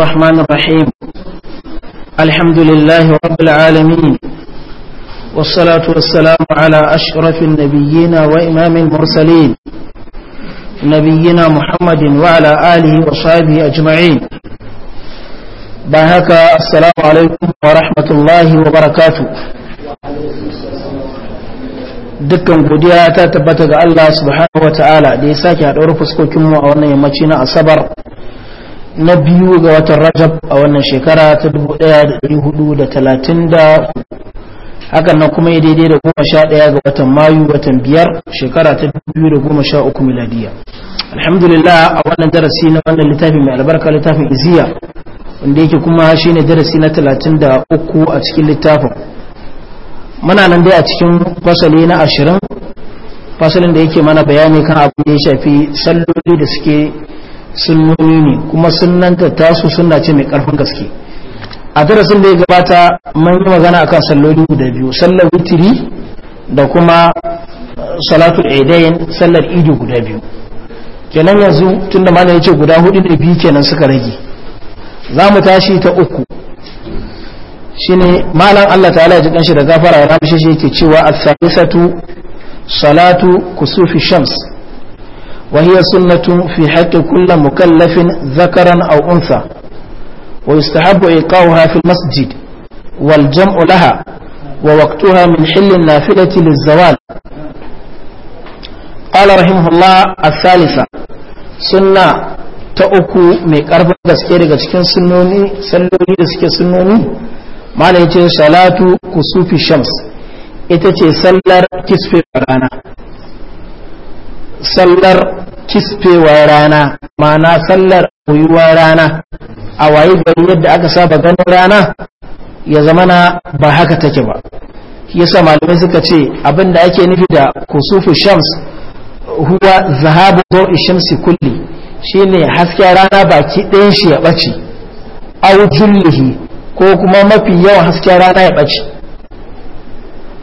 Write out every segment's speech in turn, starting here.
الرحمن الرحيم الحمد لله رب العالمين والصلاة والسلام على أشرف النبيين وإمام المرسلين نبينا محمد وعلى آله وصحبه أجمعين بهك السلام عليكم ورحمة الله وبركاته dukkan godiya ta tabbata ga Allah subhanahu wa ta'ala da ya sake haɗuwar fuskokinmu a wannan yammaci na asabar na biyu ga watan rajab a wannan shekara ta 1430 hakan nan kuma ya daidai da goma sha ɗaya ga watan mayu watan biyar shekara ta 2013 miladiya alhamdulillah a wannan darasi na wannan littafi mai albarka littafin iziya wanda yake kuma shi ne darasi na 33 a cikin littafin muna nan dai a cikin fasali na ashirin fasalin da yake mana bayani kan abin da ya shafi salloli da suke sunnoni ne kuma sunnanta tasu sunna ce mai karfin gaske a darasin da ya gabata mun yi magana akan salloli guda biyu sallar witiri da kuma uh, salatul aidain sallar idi guda biyu kenan yanzu tunda malam ce guda hudu da biyu kenan suka rage za mu tashi ta uku shine malam Allah ta'ala ya ji kanshi da gafara ya ramshe shi yake cewa as-salisatu salatu kusufi shams وهي سنة في حق كل مكلف ذكرا أو أنثى ويستحب إيقاؤها في المسجد والجمع لها ووقتها من حل النافلة للزوال قال رحمه الله الثالثة سنة تأكو ميكارب دسكيري جكين سنوني سنوني دسكي سنوني ما ليتي صلاة كسوف الشمس ita ce sallar kisfe rana sallar kisfewar rana ma'ana sallar koyuwar rana a waye gari yadda aka saba ganin rana ya zamana ba haka take ba yasa malamai suka ce abinda ake nufi da kusufu shams huwa zahabu dawi shamsi kulli shine hasken rana baki ɗayan shi ya ɓace au jullihi ko kuma mafi yawan hasken rana ya ɓace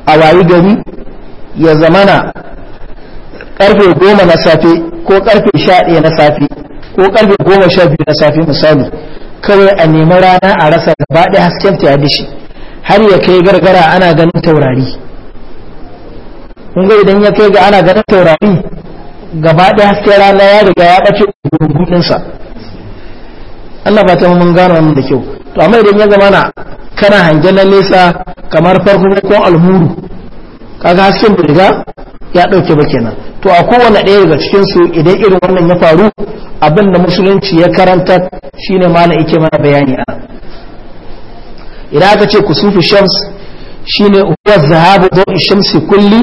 a waye gari ya zamana karfe goma na safe ko karfe sha ɗaya na safe ko karfe goma sha biyu na safe misali kawai a nemi rana a rasa gaba ɗaya hasken ta ya dishi har ya kai gargara ana ganin taurari kun ga idan ya kai ga ana ganin taurari gaba ɗaya hasken rana ya riga ya ɓace gudunsa Allah ba ta mun gano wannan da kyau to amma idan ya zama na kana hangen na nesa kamar farko ko almuru kaga hasken bai riga ya ɗauke ba kenan to a kowane ɗaya daga cikin su idan irin wannan ya faru abin da musulunci ya karanta shine mala ike mana bayani a idan aka ce kusufu shams shine huwa zahabu dawi shamsi kulli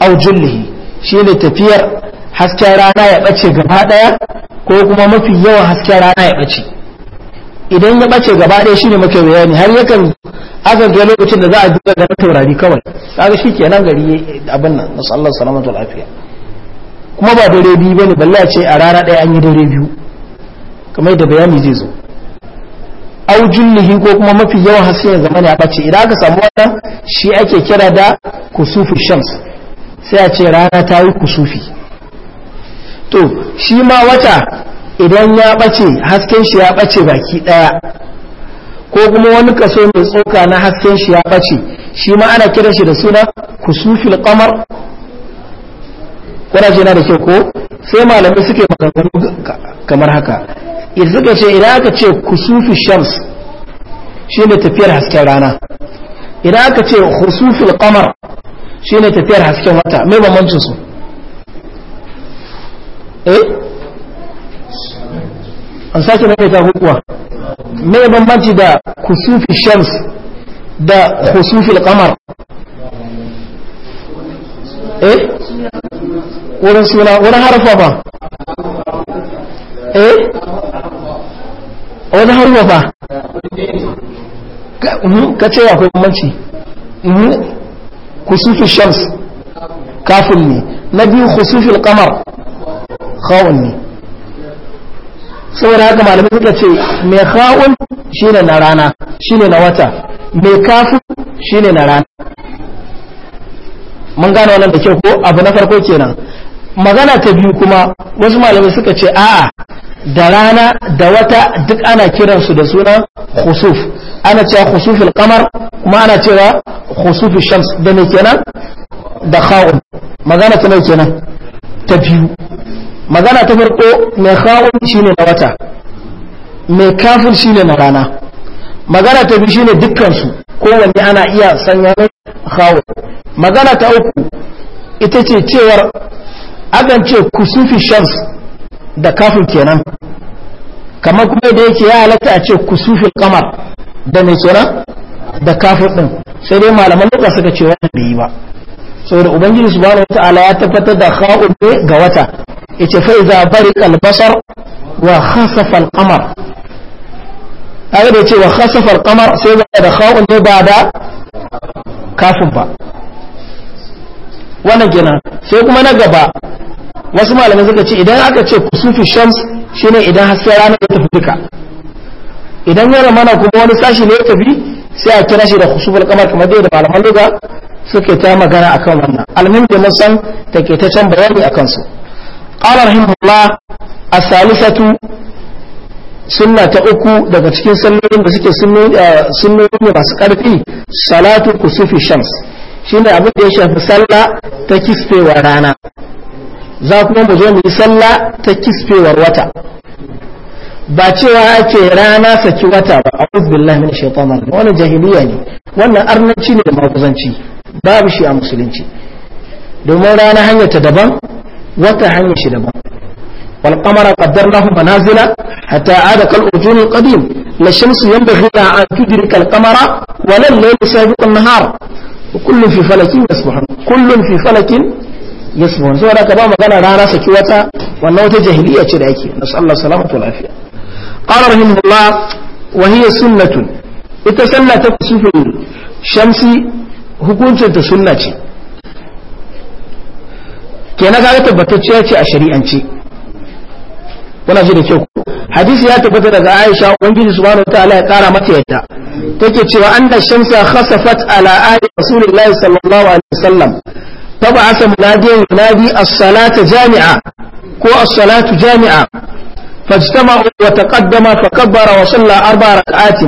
aw jullihi shine tafiyar hasken rana ya bace gaba daya ko kuma mafi yawan hasken rana ya bace idan ya bace gaba ɗaya shine muke bayani har yakan akan ga lokacin da za a duba ga taurari kawai kaga kenan gari abin nan nasu Allah salamatu lafiya kuma ba dare biyu bane balla ce a rana ɗaya an yi dare biyu kamar da bayani zai zo au nihi ko kuma mafi yawan hasken ya zama ne a bace idan aka samu wannan shi ake kira da kusufu shams sai a ce rana ta yi kusufi to shi ma wata idan ya ɓace hasken shi ya ɓace baki ɗaya ko kuma wani kaso mai tsoka na hasken shi ya ɓace shi ma ana kiran shi da suna kusufil kamar ƙwararci na da kyau ko sai malamai suke maganganu kamar haka idan suka ce idan aka ce kusufi shams shi ne tafiyar hasken rana idan aka ce kusufil kamar shi ne tafiyar hasken wata mai bambancin su eh an sake mai ta hukuwa mai bambanci da kusufi shams da kusufi kamar eh wurin suna wurin harfa ba eh wani harfa ba uhm, ka ce akwai bambanci uhm, kusufi shams kafin ne na biyu kusufi kamar khawun ne saboda haka malamai suka ce mai kha'un shine na rana shine na wata mai kafu shine na rana mun gane wannan da kyau ko abu na farko kenan magana ta biyu kuma wasu malamai suka ce a'a da rana da wata duk ana kiransu da suna khusuf ana cewa khusufil kamar kuma ana cewa khusufil shams da ne kenan da kha'un magana ta mai kenan ta biyu magana ta farko mai kha'un ne na wata mai kafin shi ne na rana magana ta biyu shi ne dukkansu kowanne ana iya sanya mai kha'un magana ta uku ita ce cewar akan ce sufi shams da kafin kenan kamar kuma da yake ya halatta a ce ku sufi kamar da mai tsora da kafin din sai dai malaman lokacin suka ce wannan bai yi ba saboda ubangiji subhanahu wataala ya tabbatar da kha'un ga wata yace fa iza bariqa al-basar wa khasafa al-qamar kaga da yace wa khasafa al-qamar sai da kha'un ba da kafin ba wannan kenan sai kuma na gaba wasu malamai suka ce idan aka ce kusufi shams shine idan hasken rana ya tafi duka idan ya ramana kuma wani sashi ne ya tafi sai a tunashi da khusuful kamar kamar dai da malaman lugha suke ta magana akan wannan almin da mun san takaitaccen bayani a kansu. qala rahimahullah a salisatu sunna ta uku daga cikin sallolin da suke eh, sunnoni ne masu ƙarfi salatu kusufi shams shi ne abin da ya shafi sallah ta kisfewar rana za kuma mu zo mu yi sallah ta kisfewar wata ba cewa ake rana saki wata ba a wasu billahi min shaitan wannan jahiliya ne wannan arnanci ne da makuzanci babu shi a musulunci domin rana hanyar ta daban wata hanyar shi daban wal qamara qaddarnahu manazila hatta da kal urjun al qadim la shamsu yanbaghi laha an tudrika al qamara wa la al-laylu an-nahar kullu fi falakin yasbahun kullu fi falakin yasbahun saboda ka ba magana rana saki wata wannan wata jahiliya ce da yake nasallahu salamatu wal lafiya. قال رحمه الله وهي سنة إتسلى تكسف الشمس hukuncin ta sunna ce kenan kaga tabbatacciya ce a shari'ance kuna ji da kyau hadisi ya tabbatar daga Aisha ubangiji subhanahu wataala ya kara mata yadda take cewa anna shamsa khasafat ala ali rasulillahi sallallahu alaihi wasallam tab'asa munadiyan salata jami'a ko a salatu jami'a ta فاجتمعوا وتقدم فكبر وصلى أربع ركعات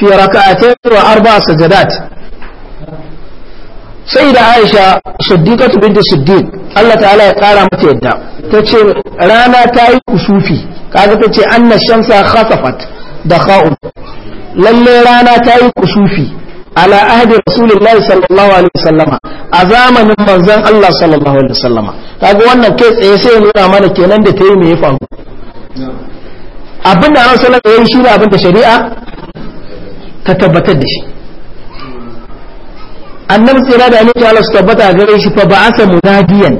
في ركعتين وأربع سجدات sai da aisha siddiqatu binti siddiq Allah ta'ala ya kara mata yadda tace rana ta yi kusufi kaga tace anna shamsa khasafat da kha'un lallai rana ta yi kusufi ala ahdi rasulullah sallallahu alaihi wasallama a zamanin manzon Allah sallallahu alaihi wasallama kaga wannan kai tsaye sai nuna mana kenan da ta yi me ya faru abin da rasulullah ya yi shi ne abin da shari'a ta tabbatar da shi annabi tsira da alaihi Allah su tabbata a gare shi fa ba'asa munadiyan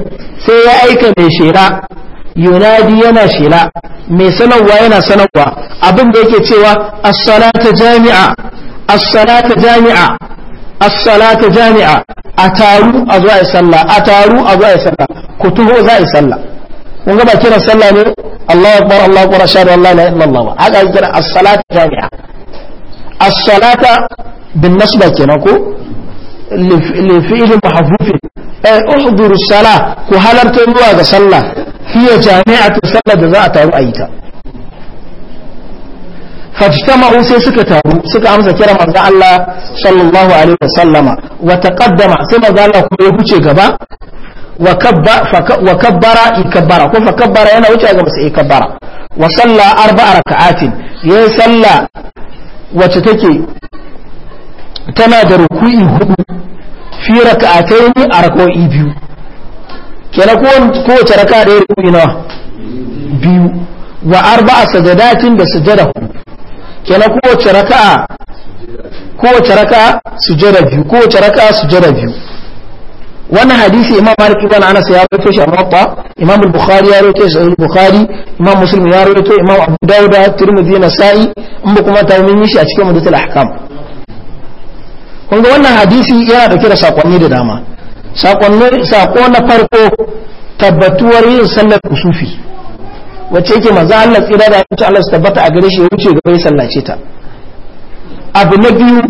sai ya aika mai shira yunadi yana shira mai sanarwa yana sanarwa abin da yake cewa as-salata jami'a as-salata jami'a as-salata jami'a a taru a zuwa sallah a taru a zuwa sallah ku tuho za a yi sallah kun ga ba kira sallah ne Allahu akbar Allahu akbar ashhadu an la ilaha illallah ba haka kira as-salata jami'a as-salata bin nasba kenan ko li eh, uhduru as-salah ku halarta zuwa ga sallah hiya jami'atu sallah da za a taru a yi ta فاجتمعوا suka taru suka amsa امسا كيرا allah الله صلى الله عليه وسلم وتقدم سي مرزا الله wa kabbara ikabbara ko fa kabbara yana wuce ga masa ikabbara wa salla arba'a raka'atin ya yi salla wacce take tana da ruku'i hudu fi ne a raka'o'i biyu kenan ko kowace raka'a da ruku'i nawa biyu wa arba'a sajadatin da sujada hudu kenan kowace raka'a kowace raka'a sujada biyu kowace raka'a sujada biyu wannan hadisi imam malik ibn anas ya rawaito shi a muwatta imam al-bukhari ya rawaito shi sahih bukhari imam muslim ya rawaito imam abu dawud tirmidhi sa'i. in ba kuma ta mun yi shi a cikin mudatul ahkam kun ga wannan hadisi yana dauke da sakonni da dama sakonni sako na farko tabbatuwar yin sallar kusufi wacce yake manzo Allah tsira da Allah tabbata a gare shi ya wuce gaba ya sallace ta abu na biyu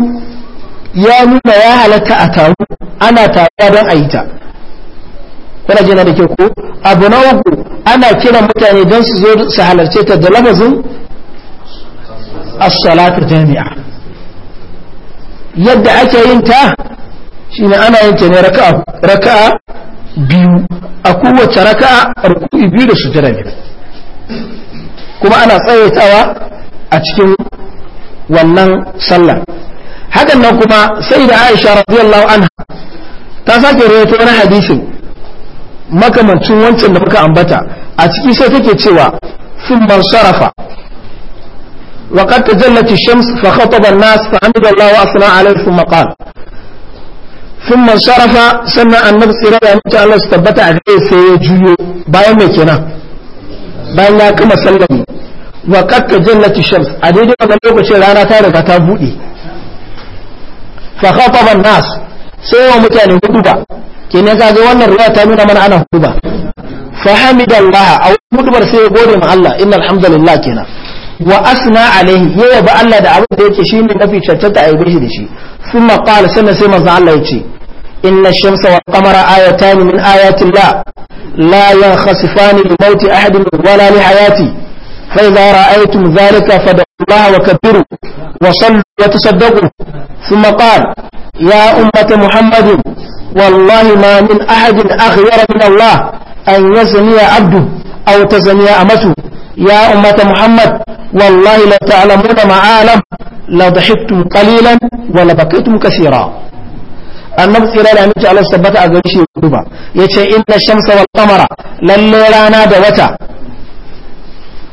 ya nuna ya halatta a taru ana taruwa don a yi ta kuna jina da ke ko abu na uku ana kiran mutane don su zo su halarce ta da lafazin as jami'a yadda ake yin ta shine ana yin ta ne raka'a biyu a kowace raka'a ruku'i biyu da su biyu kuma ana tsawaitawa a cikin wannan sallah hakan nan kuma sai da aisha radiyallahu anha ta sake rawaito wani hadisin makamancin wancan da muka ambata a ciki sai take cewa ban sharafa wa qad tajallat shams fa khataba an-nas fa hamida Allah asna alayhi thumma thumma sharafa sanna annabi sallallahu alaihi wasallam Allah tabbata a kai sai ya juyo bayan me kenan bayan ya kuma sallami wa qad tajallat shams a daidai wannan lokacin rana ta riga ta bude fa khataban nas sai wa mutane huduba kenan kaga wannan ruwa ta nuna mana ana huduba fa hamidallah a hudubar sai ya gode ma Allah innal hamdalillah kenan wa asna alaihi ya yaba Allah da abin da yake shine mafi cancanta a yabe shi da shi thumma qala sannan sai manzo Allah yace inna shamsa wal qamara ayatan min ayati Allah la yankhasifani li mauti ahadin wala li hayati fa idza ra'aytum dhalika fad'u Allah wa kabbiru wa sallu وتصدقوا ثم قال يا أمة محمد والله ما من أحد أخير من الله أن يزني عبده أو تزني أمته يا أمة محمد والله لو تعلمون ما أعلم لضحكتم قليلا ولبكيتم كثيرا annabi tsira da aminci Allah tabbata a gare shi duba yace inna shamsa wal qamara lalle rana da wata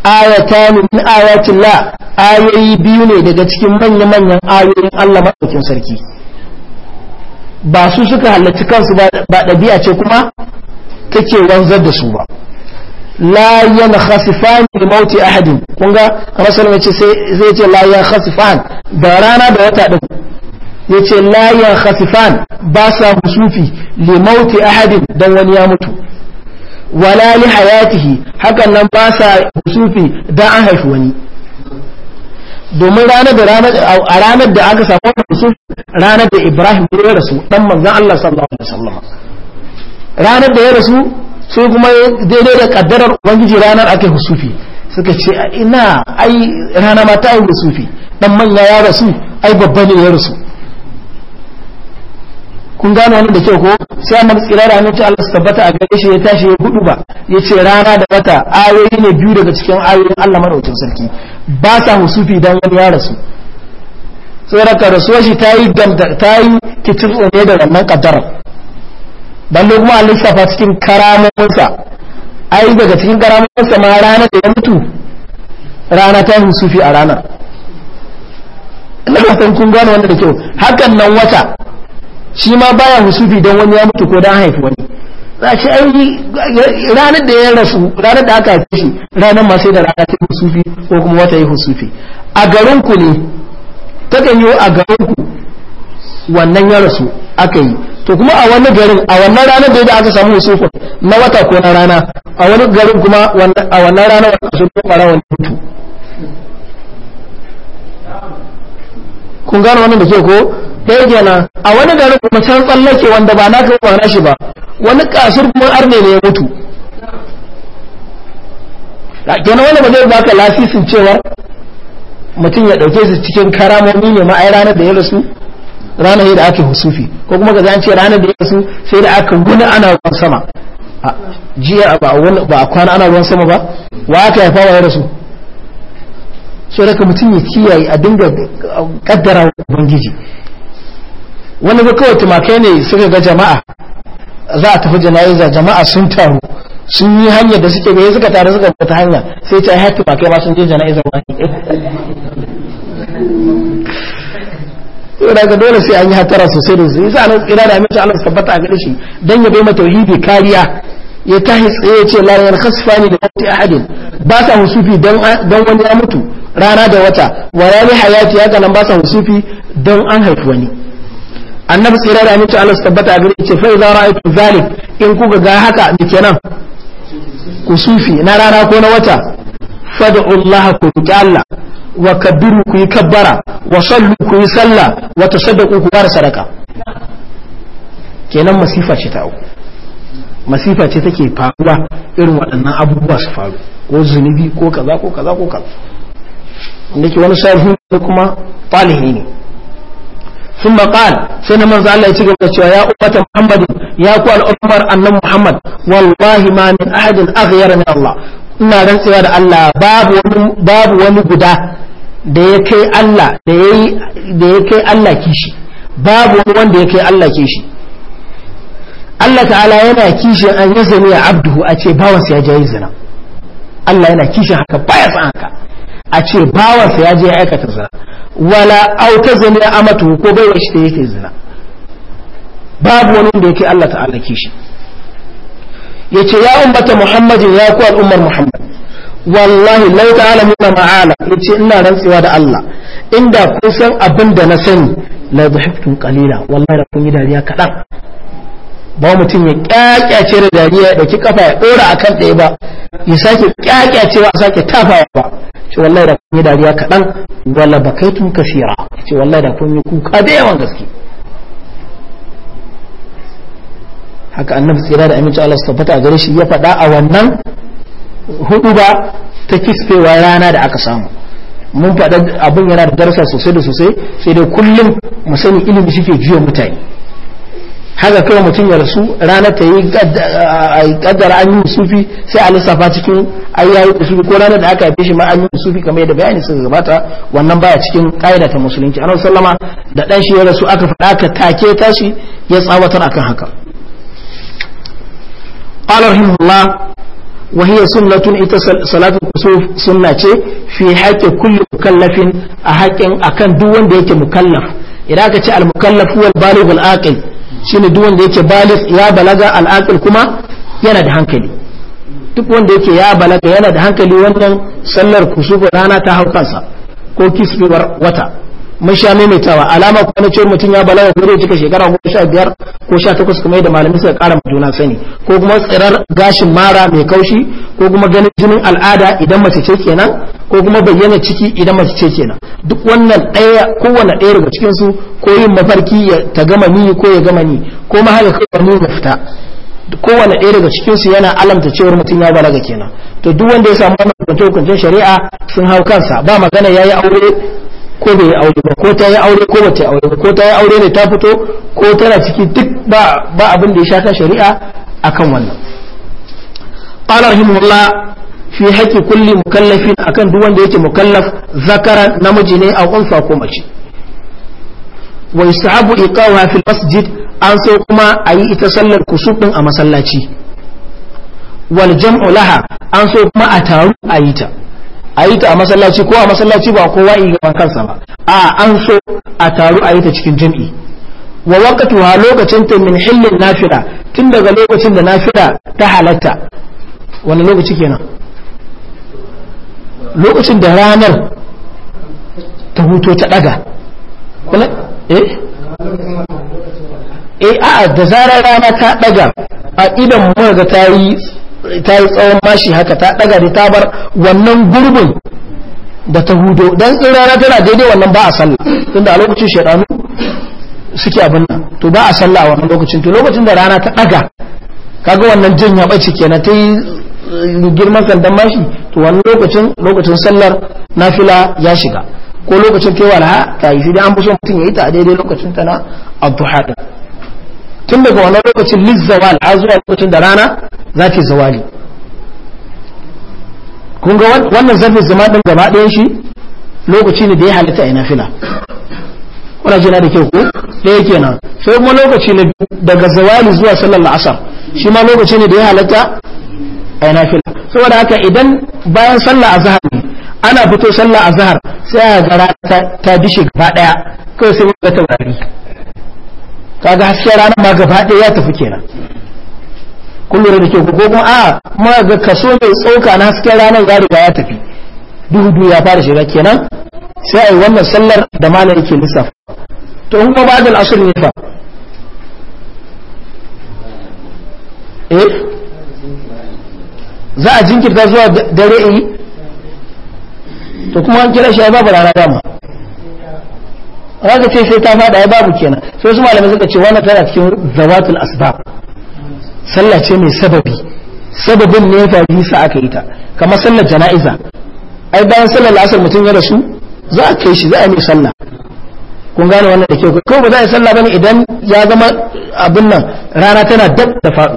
ayatan min ayatin la ayoyi biyu ne daga cikin manya-manyan ayoyin Allah maɗaukin sarki ba su suka halarci kansu ba ɗabi'a ce kuma take wanzar da su ba la yana khasifan da mauti ahadin kun ga rasul ya ce zai ce la yana khasifan da rana da wata din ya ce la yana khasifan ba sa husufi li mauti ahadin dan wani ya mutu wala li hayatihi hakan nan ba sa sufi da an haifi wani domin ranar da a ranar da aka samu yusuf ranar da ibrahim ya rasu dan manzon Allah sallallahu alaihi wasallam ranar da ya rasu sai kuma daidai da kaddarar ubangiji ranar aka husufi suka ce ina ai rana ma ta yi husufi dan manya ya rasu ai babba ne ya rasu kun gane wannan da kyau ko sai annabi tsirara ne ta Allah tabbata a gare shi ya tashi ya gudu ba ya ce rana da wata ayoyi ne biyu daga cikin ayoyin Allah madaukakin sarki ba sa husufi dan wani ya rasu tsoraka rasuwar shi ta yi ta yi kitin tsone da wannan kaddarar kuma a lissafa cikin A ai daga cikin karamominsa ma rana da ya mutu rana ta husufi a ranar ina ba kun gane wanda da kyau hakan nan wata shi ma baya husufi don wani ya mutu ko don haifi wani za shi aiki ranar da ya rasu ranar da aka haifi shi ranar ma sai da rana ta husufi ko kuma wata yi husufi a garinku ne ta kan yi a garinku wannan ya rasu aka yi to kuma a wani garin a wannan ranar da aka samu husufin na wata ko na rana a wani garin kuma a wannan ranar wata sun kwara wani mutu kun gane wannan da ke ko Sai kenan a wani garin kuma can tsallake wanda ba na ba na shi ba wani kasur kuma arne ne ya mutu kenan wani ba zai baka lasisin cewa mutum ya ɗauke su cikin karamomi ne ma ai ranar da ya rasu ranar da ake husufi ko kuma ga an ce ranar da ya rasu sai da aka guna ana ruwan sama jiya ba a kwana ana ruwan sama ba wa aka haifa wa ya rasu so daga mutum ya kiyaye a dinga kaddara ubangiji wani ga kawai tumakai ne suka ga jama'a za a tafi jana'iza jama'a sun taru sun yi hanyar da suke gaya suka taru suka ta hanya sai ta haifi ba kai ba sun je jana'izar wani yau daga dole sai an yi hatara sosai da su yasa nan tsira da amince Allah tabbata a gare shi dan ya bai mata tauhidi kariya ya tahi tsaye ya ce la yan khasfani da wati ahadin ba sa husufi dan wani ya mutu rana da wata wa rani hayati haka nan ba sa husufi dan an haifi wani annabi sai da aminci Allah su tabbata a gare ce fa idza ra'aytu zalik in kuka ga haka me kenan kusufi na rana ko na wata fad'u Allah ku roki wa Kabiru ku yi kabbara wa sallu ku yi sallah wa tasaddaqu ku bar sadaka kenan masifa ce ta masifa ce take faruwa irin waɗannan abubuwa su faru ko zunubi ko kaza ko kaza ko kaza inda ke wani sahihi kuma falihi ne sun maƙal sai na manzo Allah ya ci gaba cewa ya ummata Muhammadu ya ku al'ummar annan Muhammad wallahi ma min ahadin aghyara min Allah ina rantsewa da Allah babu wani babu wani guda da ya kai Allah da ya kai Allah kishi babu wani wanda ya kai Allah kishi Allah ta'ala yana kishin an yi zina abduhu a ce bawansa ya jayi zina Allah yana kishin haka baya san haka a ce bawansa ya je ya aikata zina wala auta zina amatu ko bai shi ta yake zina babu wani da yake Allah ta'ala kishi yace ya ummata muhammadin ya ku al'ummar muhammad wallahi lau ta'ala ma'ala ce ina rantsewa da Allah inda kun san abin da na sani la dhahiktum qalila wallahi da kun yi dariya kaɗan. ba mutum ya kyakyace da dariya ya ɗauki kafa ya dora kan ɗaya ba ya sake kyakyacewa a sake tafawa ba ce wallahi da kun yi dariya kaɗan wala ba kai ka kasira ce wallahi da kun yi kuka da yawan gaske haka annabi tsira da aminci Allah tabbata a gare shi ya faɗa a wannan hudu ba ta kisfewa rana da aka samu mun faɗa abin yana da darasa sosai da sosai sai dai kullum mu sani ilimi shi ke juya mutane haka kawai mutum ya rasu rana ta yi kaddara an yi sufi sai a lissafa cikin ayyayi usufi ko ranar da aka yi shi ma an yi usufi kamar yadda bayani suka gabata wannan baya cikin ƙa'ida ta musulunci annabi sallama da dan shi ya rasu aka faɗa ka take tashi ya tsawatar akan haka qala rahimahullah wa hiya sunnatun ita salatu kusuf sunna ce fi haqqi kulli mukallafin a hakkin akan duk wanda yake mukallaf idan aka ce al mukallaf huwa al baligh al aqil shine duk wanda yake balis ya balaga al'aqil kuma yana da hankali duk wanda yake ya balaga yana da hankali wannan sallar kusufa rana ta hau ko kisbi wata mun sha maimaitawa alama kuma na cewar mutum ya balaga ko zai cika shekara ko sha biyar ko sha takwas kuma yadda malamai suka kara juna sani ko kuma tsirar gashin mara mai kaushi ko kuma ganin jinin al'ada idan mace ce kenan ko kuma bayyana ciki idan mace ce kenan duk wannan ɗaya kowane ɗaya daga cikin su ko yin mafarki ya ta gama ni ko ya gama ni ko ma haka kawai ni ya fita kowane ɗaya daga cikinsu yana alamta cewar mutum ya balaga kenan to duk wanda ya samu wannan hukunce hukuncen shari'a sun hau kansa ba magana ya yi aure ko bai aure ba ko ta yi aure ko ba ta aure ba ko ta yi aure ne ta fito ko tana ciki duk ba ba abin da ya shata shari'a akan wannan qala rahimullah fi haqqi kulli mukallafin akan duk wanda yake mukallaf zakara namiji ne a kunsa ko mace wa yusabu iqawha fil masjid an so kuma ayi ita sallar kusuf a masallaci wal jam'u laha an so kuma a taru ayi ta a yi ta a masallaci ko a masallaci ba kowa yi gaban kansa ba a an so a taru a yi ta cikin jami'i wa waqtuha lokacin ta min hillin nafira tun daga lokacin da nafira ta halatta wani lokaci kenan lokacin da ranar ta huto ta daga eh eh a da zarar rana ta daga a idan muka ga ta yi ta yi tsawon bashi haka ta daga da ta bar wannan gurbin da ta hudo don tsirara tana daidai wannan ba a sallah tunda a lokacin shekaru suke abin nan to ba a sallah a wannan lokacin to lokacin da rana ta daga kaga wannan jin ya bace kenan ta yi eh, girman sandan bashi to wannan lokacin lokacin sallar nafila ya shiga ko lokacin kewa ta yi shi da an fi son mutum ya yi ta a daidai lokacin ta na abu haɗin tun daga wannan lokacin lizzawal a zuwa lokacin da rana za ta zawali kun ga wannan zarfin zama ɗin gaba ɗayan shi lokaci ne da ya halitta a nafila kuna jina da kyau ko ɗaya kenan sai kuma lokaci ne daga zawali zuwa sallar la'asar shi ma lokaci ne da ya halitta a nafila saboda haka idan bayan sallar azhar ne ana fito sallar azhar sai a gara ta dishe gaba ɗaya kawai sai ga taurari ka ga hasken rana ma gaba ɗaya ya tafi kenan kun da ke ko kuma a ma ga kaso mai tsoka na hasken ranar ya riga ya tafi duhu ya fara shiga kenan sai a yi wannan sallar da malam yake lissaf. to in ba ba'dal asr ne fa eh za a jinkirta zuwa dare yi to kuma an kira shi ya babu rana dama za ce sai ta fada ya babu kenan sai wasu malamai suka ce wannan tana cikin zawatul asbab sallah ce mai sababi sababin ne ya sa aka yi ta kamar sallar jana'iza ai bayan sallar la'asar mutum ya rasu za a kai shi za a yi sallah kun gane wannan da kyau kawai ba za a yi sallah bane idan ya zama abin nan rana tana dab da faɗo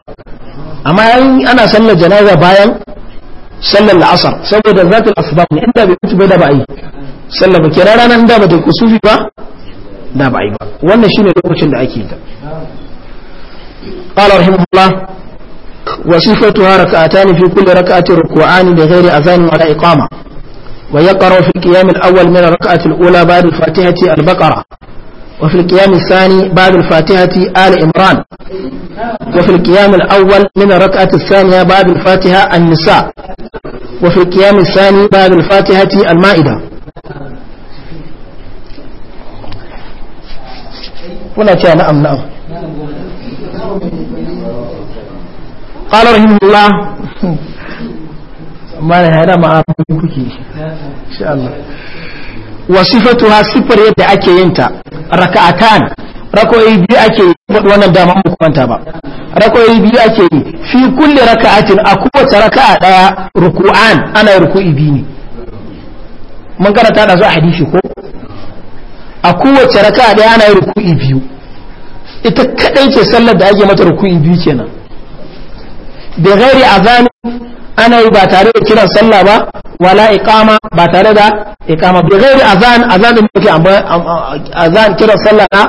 amma ana sallar jana'iza bayan sallar la'asar saboda zatul asbab ne inda bai mutu bai da ba yi sallar ba kira ranar inda ba ta kusufi ba da ba yi ba wannan shine lokacin da ake ta qala rahimahullah wa sifatuha rak'atan fi kulli rak'atin ruku'an bi ghairi adhan wa la iqama wa yaqra fi qiyam al-awwal min ar-rak'ati al-ula ba'da fatihati al-baqara وفي القيام الثاني بعد الفاتحة آل إمران وفي القيام الأول من الركعة الثانية بعد الفاتحة النساء وفي القيام الثاني بعد الفاتحة المائدة ولا كان نعم نعم قال رحمه الله ما لها لا ما أعرف إن شاء الله wa sifatuha sifar yadda ake yin ta raka'atan rakoyi biyu ake yi faɗi wannan dama mu kwanta ba rakoyi biyu ake yi fi kulli raka'atin a kowace raka'a daya ruku'an ana ruku'i biyu ne mun karanta da su hadisi ko a raka'a daya ana ruku'i biyu ita kadai ce sallar da ake mata ruku'i biyu kenan da gairi azani ana yi ba tare da kiran sallah ba wala iqama ba tare da iqama bi ghairi azan azan da muke azan kira sallah na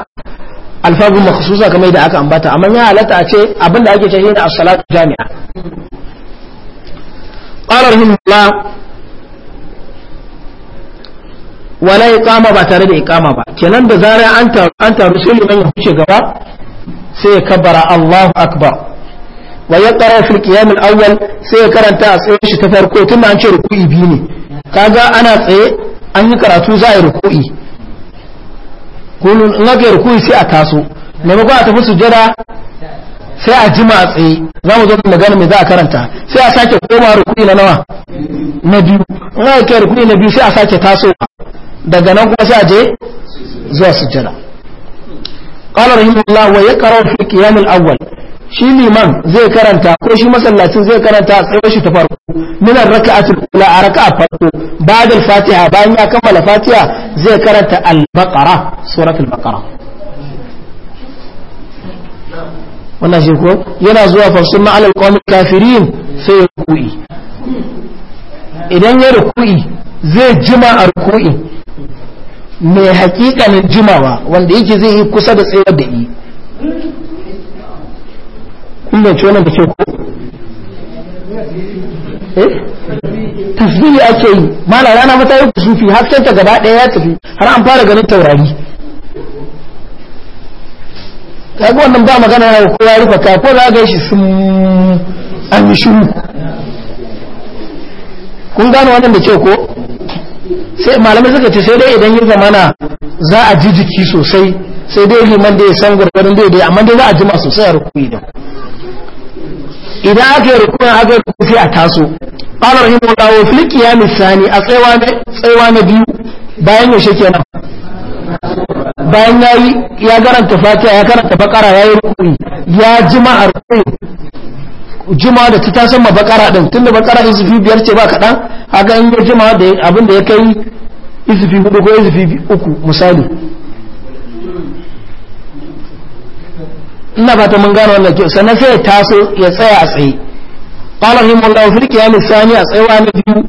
alfabu makhsusa kamar da aka ambata amma ya halatta a ce abinda ake ce shine as-salatu jami'a qala rahimullah wala iqama ba tare da iqama ba kenan da zarar an taru an taru sai liman ya huce gaba sai ya kabbara Allahu akbar wa ya ƙara fil qiyamil awal sai ya karanta a tsaye shi ta farko tun da an ce ruku'i biyu ne kaga ana tsaye an yi karatu za a yi ruku'i kullun in aka yi ruku'i sai a taso maimakon a tafi sujada sai a jima a tsaye za mu zo mu magana mai za a karanta sai a sake koma ruku'i na nawa na biyu in aka kai ruku'i na biyu sai a sake taso daga nan kuma sai a je zuwa sujada قال رحمه الله ويقرأ في القيام الأول shi liman zai karanta ko shi masallacin zai karanta a tsawon shi ta farko min raka'atul ula a raka a farko ba'da al-fatiha bayan ya kammala fatiha zai karanta al-baqara suratul baqara wannan shi ko yana zuwa farsun alal qawmil kafirin sai ya ruku'i idan ya ruku'i zai jima a ruku'i mai hakikanin jimawa wanda yake zai yi kusa da tsayar da yi in ban ci da ke eh? tasbihi ake yi mala rana mata yi kusufi hasken ta gaba ɗaya ya tafi har an fara ganin taurari ga wannan ba magana ya ko ya rufa ko za ga shi sun an yi shiru kun gano wannan da ke ko sai malamai suka ce sai dai idan yin zamana za a ji jiki sosai sai dai liman da ya san gwargwarin dai amma dai za a jima sosai a rukuni da idan aka yi rukun aka yi sai a taso qala rahimahullahu fil qiyam athani a tsaiwa tsaiwa na biyu bayan yaushe kenan bayan yayi ya garanta fatiha ya karanta bakara yayi rukuni ya jima'a rukuni juma'a da ta tasan ma bakara din tunda bakara izufi biyar ce ba kaɗan haka in ya jima'a da abin da ya kai izufi hudu ko izufi uku misali ina ba ta mun gane wannan kyau sannan sai ya taso ya tsaya a tsaye qala rahimahullahu fil qiyam misani a tsaye na biyu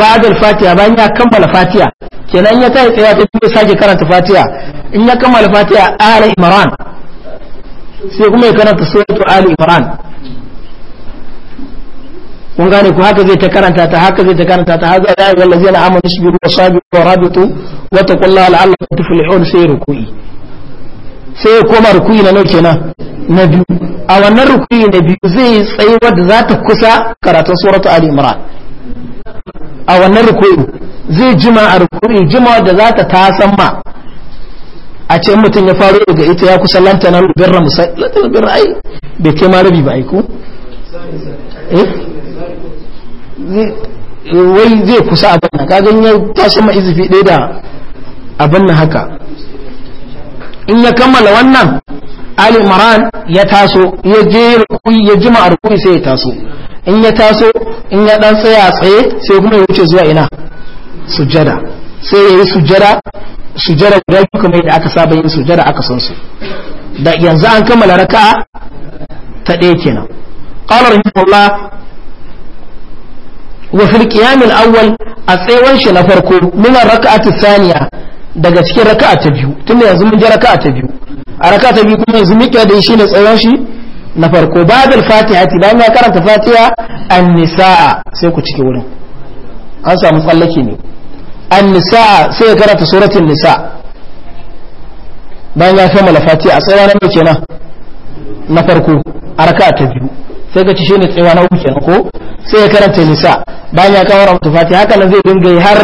ba'da al-fatiha bayan ya kammala fatiha kenan ya tsaya tsaya ta biyu sake karanta fatiha in ya kammala fatiha ala imran sai kuma ya karanta suratu ali imran kun gane ku haka zai ta karanta ta haka zai ta karanta ta haka ya ayyuhal ladzina amanu isbiru wa sabiru wa rabitu wa taqullaha la'allakum tuflihun sai sai ya koma rukuyi na nauke na na biyu a wannan rukuyi na biyu zai tsaye wadda za ta kusa karatun suratu ali imran a wannan rukuyi zai jima a rukuyi jima wadda za ta tasan ma a ce mutum ya faro daga ita ya kusa na rubirra musai lanta rubirra ai bai kai ma rabi ba aiko eh? wai zai kusa abin nan kagan ya tashi ma izifi ɗaya da abin nan haka in ya kammala wannan ali imran ya taso ya je ya jima a rukuni sai ya taso in ya taso in ya dan tsaya tsaye sai kuma ya wuce zuwa ina sujjada sai ya yi sujjada sujjada guda biyu kamar yadda aka saba yin sujjada aka san su da yanzu an kammala raka'a ta ɗaya kenan qala rahimahullah wa fil qiyam al awwal a tsayawan shi na farko min raka'atu thaniya daga cikin raka'a ta biyu tunda yanzu mun ji raka'a ta biyu a raka'a ta biyu kuma yanzu muke da shi ne tsawon shi na farko babul fatiha ti bayan ya karanta fatiha an-nisaa sai ku cike wurin an samu tsallake ne an-nisaa sai ya karanta suratul nisa bayan ya kammala fatiha a tsawon nan kenan na farko a raka'a ta biyu sai ka ci shi ne tsewa na uku kenan ko sai ya karanta nisa bayan ya kawo ramatu fati haka nan zai dinga yi har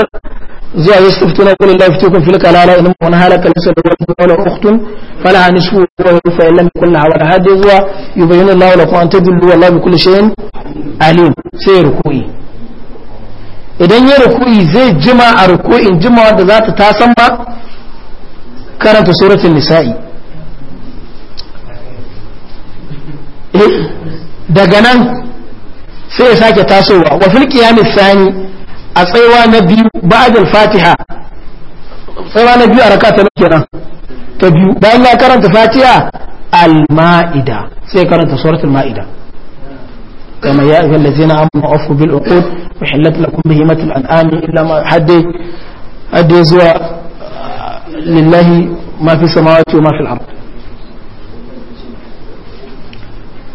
zuwa ya shiftu na kulin da fito kun fil kalala in mun halaka lisa da wani kawai uktun fala ha nisfu wa yufa illam kullu hawa da hadi zuwa yubayyinu Allahu lakum an tadullu wallahu bi kulli shay'in alim sai rukui idan ya rukui zai jima a rukuin jima wanda za ta tasan ba karanta suratul nisa'i eh, daga nan sai ya sake tasowa wa filki qiyamis sani a tsayawa na biyu ba'd fatiha tsayawa na biyu a raka ta nan ta biyu bayan ya karanta fatiha al-ma'ida sai karanta suratul ma'ida كما يا أيها الذين آمنوا أوفوا بالعقود وحلت لكم بهيمة الأنعام إلا ما حد أدي زوا لله ما في السماوات وما في الأرض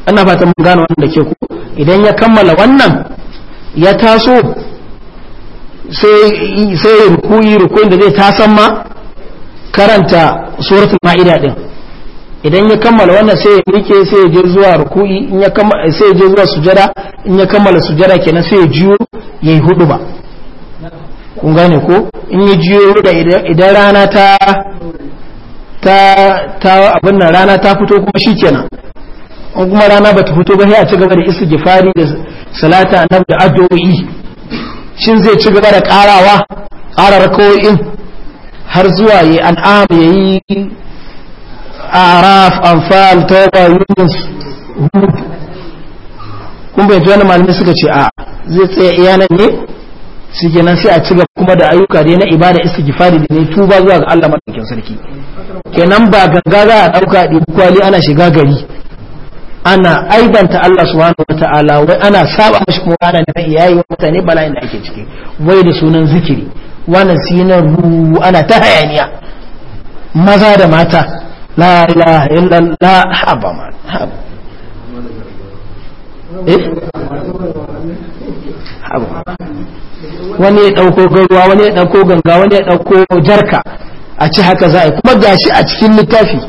ana fata mun gane wannan da ke ku idan ya kammala wannan ya taso sai ya rukuyi rukuyin da zai tasan ma karanta suratul ma'ida din idan ya kammala wannan sai ya rike sai ya je zuwa rukuyi in ya kammala sai ya je zuwa sujada in ya kammala sujada kenan sai ya jiyo yayi hudu ba kun gane ko in ya jiyo da idan rana ta ta ta abin nan rana ta fito kuma shikenan an kuma rana bata fito ba sai a ci gaba da istighfari da salata na da addu'o'i shin zai ci gaba da karawa ƙara rakoyin har zuwa yi an'am yayi araf anfal tauba yunus hud kun bai ji wani malami suka ce a zai tsaya iya nan ne shi kenan sai a ci gaba kuma da ayyuka da na ibada istighfari da ne tuba zuwa ga Allah madaukakin sarki kenan ba ganga za a dauka ɗin kwali ana shiga gari ana aibanta Allah subhanahu ta'ala wai ana saba mashi kuma ana da yayi wa mutane bala'in da ake ciki wai da sunan zikiri wannan sinar ru ana ta hayaniya maza da mata la ilaha illallah haba man eh? haba wani ya dauko ruwa wani ya dauko ganga wani ya dauko jarka a ci haka za a kuma gashi a cikin littafi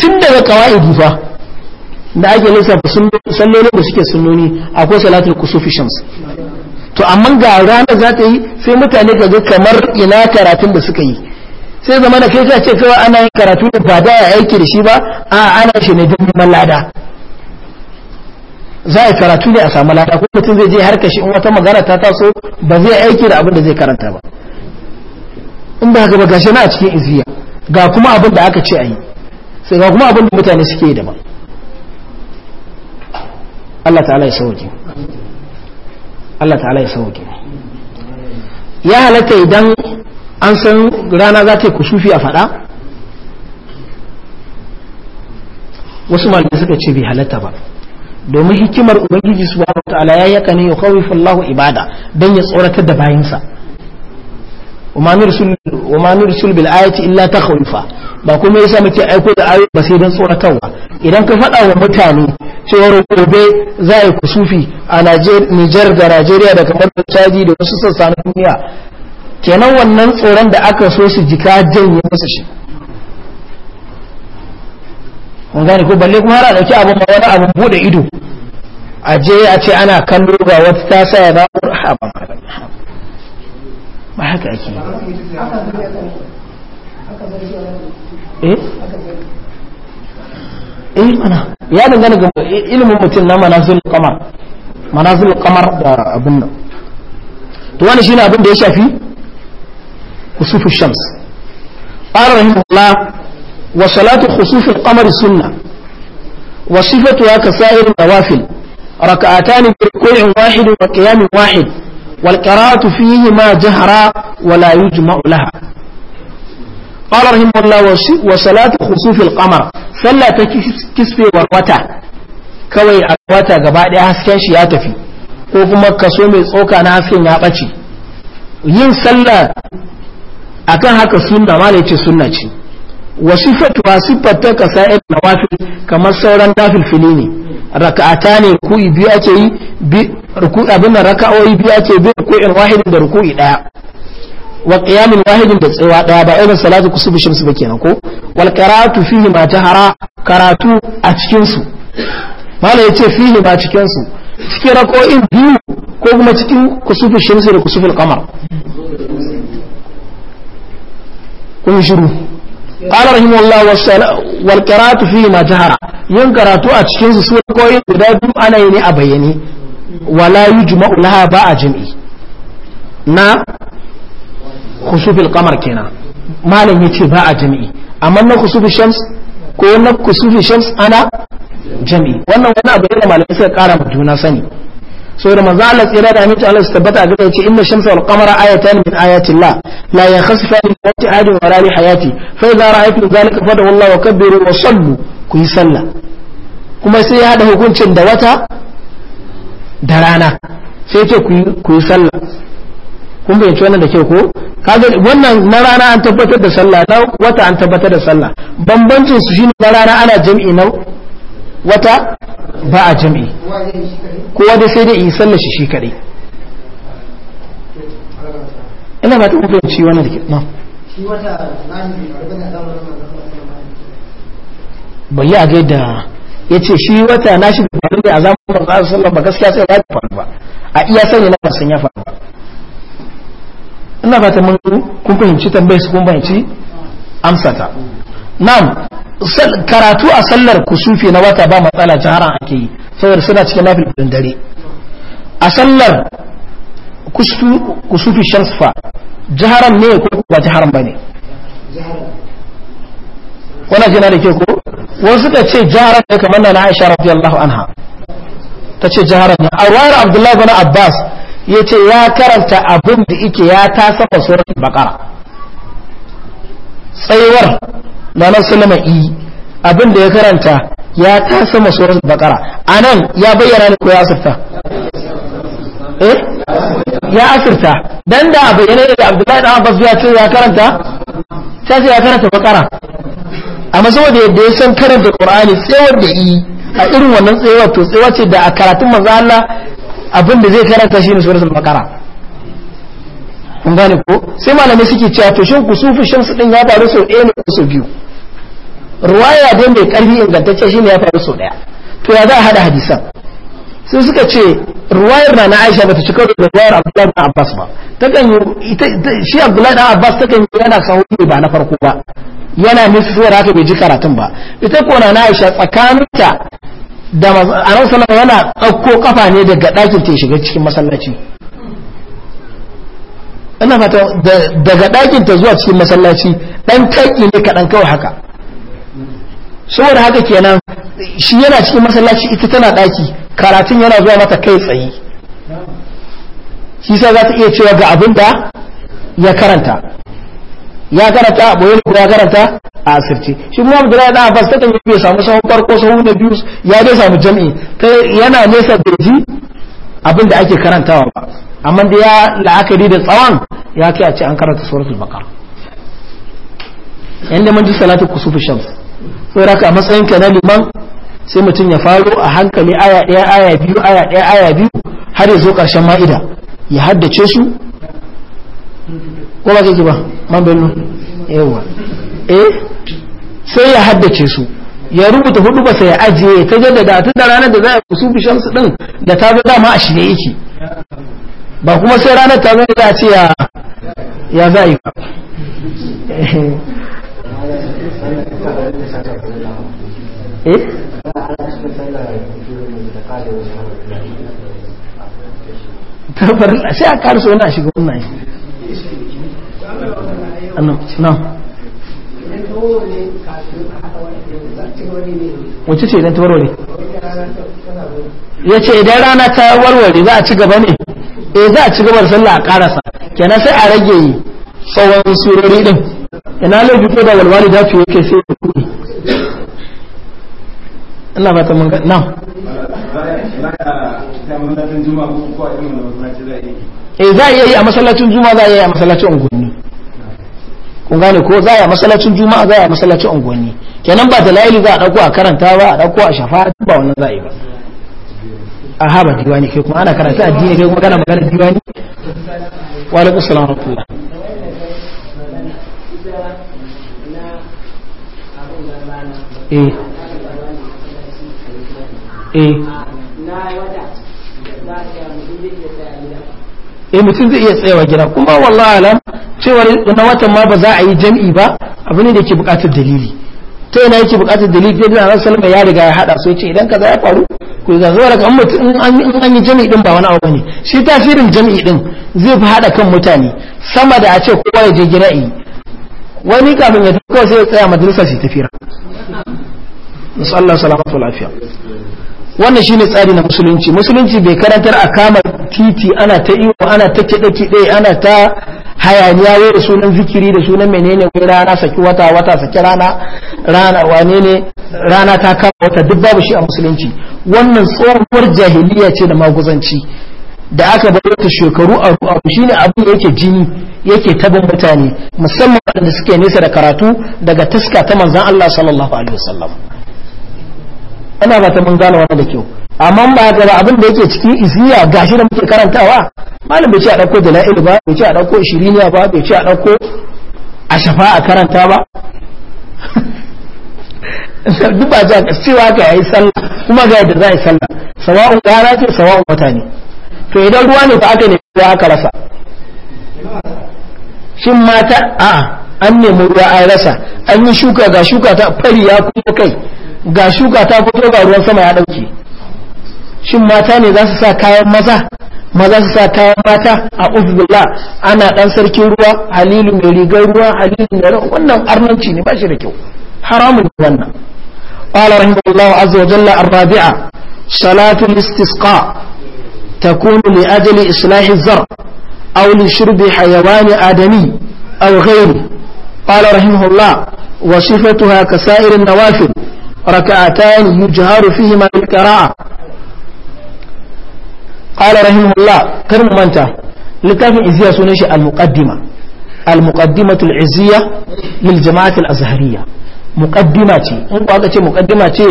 tun daga kawai dufa da ake nisa sannoni da suke sunnoni akwai salatul kusufi shams to amma ga rana za ta yi sai mutane ga ga kamar ina karatun da suka yi sai zama da kai ka ce kawai ana yin karatu da ba da ya aiki da shi ba a ana shi ne don neman lada za a karatu ne a samu lada ko mutum zai je har shi in wata magana ta taso ba zai aiki da abin da zai karanta ba in ba haka ba gashi na a cikin izziya ga kuma abin da aka ce a yi sai ga kuma abin da mutane suke yi daban Allah ta'ala ya sauke Allah ya ya halatta idan an san rana za ta yi kusufi a fada wasu malamai suka ce bai halatta ba domin hikimar ubangiji subhanahu wataala ya yaka ne ya khawifa ibada dan ya tsoratar da bayinsa wa ma nursul bil ayati illa takhwifa ba kuma yasa muke aiko da ayoyi ba sai don tsoratarwa idan ka faɗa wa mutane cewar gobe za a yi kusufi a Nijar da Najeriya da kamar da Chadi da wasu sassa duniya kenan wannan tsoron da aka so su jika janye masa shi kun gane ko balle kuma har a dauki abin ma wani abin bude ido a je a ce ana kallo ga wata ta saya na ba haka ake yi eh eh mana ya dangana ga ilimin mutum na manazil kamar manazil kamar da abin nan to wani shine abin da ya shafi kusufu shams قال رحمه الله وصلاة خسوف القمر سنة وصفتها كسائر النوافل ركعتان بركوع واحد وقيام واحد والقراءة فيهما جهرا ولا يجمع لها ta قال رحمه الله وصلاة gaba ɗaya hasken shi ya tafi ko kuma kaso mai tsoka na hasken ya يابتشي yin sallah akan haka sunna ma ce sunna ce wa sifatuha sifatta ka sa'ir nawafil kamar sauran nafil fili ne raka'ata ne ruku'i biyu ake yi abin da raka'o'i biyu ake bi ruku'in wahidin da ruku'i ɗaya. wa qiyamul wahidin da tsawa daya ba irin salatu kusub shamsu ba kenan ko wal qiraatu fihi ma tahara karatu a cikin su mala yace fihi ba cikin su cikin rako'in biyu ko kuma cikin kusub shamsu da kusubu qamar kun shiru قال رحمه الله والقراءة فيما جهر ينقرأت أتشكين سورة قوين بدادم أنا يني أبيني ولا يجمع لها باء جمعي na khusufil qamar kenan malam yace ba a jami'i amma na khusufil shams ko na khusufil shams ana jami'i wannan wani abu ne da malamai suka kara ma juna sani saboda manzo Allah tsira da aminci Allah su tabbata a gaba yace inna shamsa wal qamara ayatan min ayati Allah la yankhasifani min ayati ahadin wa la li hayati fa idza ra'aytum dhalika fadu Allah wa wa sallu ku yi sallah kuma sai ya hada hukuncin da wata da rana sai ce ku yi sallah kun bayyanci wannan da kyau ko kaga wannan na rana an tabbatar da sallah na wata an tabbatar da sallah bambancin su shine na rana ana jam'i na wata ba a jam'i kowa da sai dai yi sallar shi shi kadai ina ba ta kuma ci wannan da ke na bai yi a da ya ce shi wata na shi faru ne a zamanin manzo sallallahu alaihi ba gaskiya sai ya faru ba a iya sanya na san ya faru ba ina fata mun kun fahimci tambayar su kun fahimci amsata nan karatu a sallar kusufi na wata ba matsala jahara ake yi saboda suna cikin lafilin dare a sallar kusufi shamsfa jiharan ne ko ba jiharan ba ne wani jina da ke ko wasu ka ce jiharan ne kamar na na aisha radiyallahu anha ta ce jaharar A ruwayar abdullahi bin abbas ya ce ya karanta abin da ike ya ta saba suratul baqara tsayuwar na nan sulama yi abin da ya karanta ya ta sama suratul baqara anan ya bayyana ne ko ya asirta eh ya asirta dan da bayyana da abdullahi bin abbas ya ce ya karanta sai ya karanta baqara amma saboda yadda ya san karanta qur'ani sai wanda yi a irin wannan tsewa to tsewa ce da a karatun manzo Allah abin da zai karanta shine suratul baqara kun gane ko sai malamai suke cewa to shin kusufu su din ya faru sau ɗaya ne ko sau biyu ruwaya dai mai karfi ingantacce shine ya faru sau ɗaya to ya za a hada hadisan sai suka ce ruwayar na na aisha bata cika da ruwayar abdullahi ibn abbas ba ta kan shi abdullahi ibn abbas ta kan yana sahun ne ba na farko ba yana nisa sai haka bai ji karatun ba ita ko na aisha tsakaninta da annabi sallallahu yana ɗauko kafa ne daga ɗakin ta shiga cikin masallaci ina fata daga ɗakin ta zuwa cikin masallaci ɗan taƙi ne kaɗan kawai haka saboda haka kenan shi yana cikin masallaci ita tana daki karatun yana zuwa mata kai tsayi. shi sai za ta iya cewa ga abin da ya karanta ya karanta a boye ko ya karanta a asirce shi kuma abu da ya ɗan abbas takan yi samu sahun farko sahun na biyu ya dai samu jami'i yana nesa da ji abin ake karantawa ba amma da ya la'akari da tsawon ya kai a ce an karanta suratul baqara yanda mun ji salatu kusufu shams raka a matsayin ka na liman sai mutum ya faro a hankali aya ɗaya aya biyu aya ɗaya aya biyu har ya zo ƙarshen ma'ida ya haddace su ko ba kake ba man bello yawa eh sai ya haddace su ya rubuta hudu ba sai ya ajiye ta jaddada tun da ranar da za a kusu bishan su din da ta zo dama a shirye yake ba kuma sai ranar ta zo da ta ce ya za a yi ba eh tabarin a sai a wani a shiga wannan shi na wace ce idan ta warware ya ce idan rana ta warware za a ci gaba ne eh za a ci gabar sallah a karasa kenan sai a rage yi tsawon surori din ina laifi ko da walwali da su yake sai da kuɗi ina ba ta mun ga na eh za a iya yi a masallacin juma'a za a iya yi a masallacin unguwanni kun gane ko za a yi a masallacin juma'a za a yi a masallacin unguwanni kenan ba dalaili za a dauko a karanta ba a dauko a shafa ba wannan za a yi ba a haba diwani kai kuma ana karanta addini kai kuma kana magana diwani wa alaikum salam eh eh mutum zai iya tsayawa gida kuma wallahi alam cewar na watan ma ba za a yi jam'i ba abu ne da ke bukatar dalili ta yana yake bukatar dalili da na salama ya riga ya hada so ce idan kaza ya faru ku yi zuwa daga mutum in an yi jami'i din ba wani abu bane shi tasirin jami'i din zai fi hada kan mutane sama da a ce kowa ya je gida yi wani kafin ya tafi sai ya tsaya majalisa shi tafira musallar salamatu lafiya wannan shine tsari na musulunci musulunci bai karantar a kama titi ana ta iwo, ana ta kiɗe kiɗe ana ta hayaniya wai da sunan zikiri da sunan menene wai rana saki wata wata saki rana rana wane ne rana ta kama wata duk babu shi a musulunci wannan tsohuwar jahiliya ce da maguzanci da aka bar ta shekaru a ruwa shine abin da yake jini yake tabin mutane musamman waɗanda suke nesa da karatu daga taska ta manzan Allah sallallahu alaihi wasallam ana ba ta mun gane wannan da kyau amma ba ga abin da yake ciki isiya gashi da muke karantawa malam bai ce a dauko dalail ba bai ce a dauko shiriniya ba bai ce a dauko a shafa a karanta ba duk ba za ka cewa ka yi sallah kuma ga yadda za a yi sallah sawa'un gara ce sawa'un wata ne to idan ruwa ne fa aka ne ya aka rasa shin mata a an nemi ruwa an rasa an yi shuka ga shuka ta fari ya kuma kai ga shuka ta fito ga ruwan sama ya dauke shin mata ne za su sa kayan maza maza su sa kayan mata a uzbillah ana dan sarkin ruwa halilu mai rigar ruwa halilu mai wannan arnanci ne ba shi da kyau haramun wannan قال azza wa jalla Rabi'a Salatu istisqa takunu li ajli islahi zar أو لشرب حيوان آدمي أو غيره قال رحمه الله وصفتها كسائر النوافل ركعتان يجهر فيهما الكراعة قال رحمه الله كرم منتا لكافي إزياء سنشي المقدمة المقدمة العزية للجماعة الأزهرية muqaddima ce in ku aka ce muqaddima ce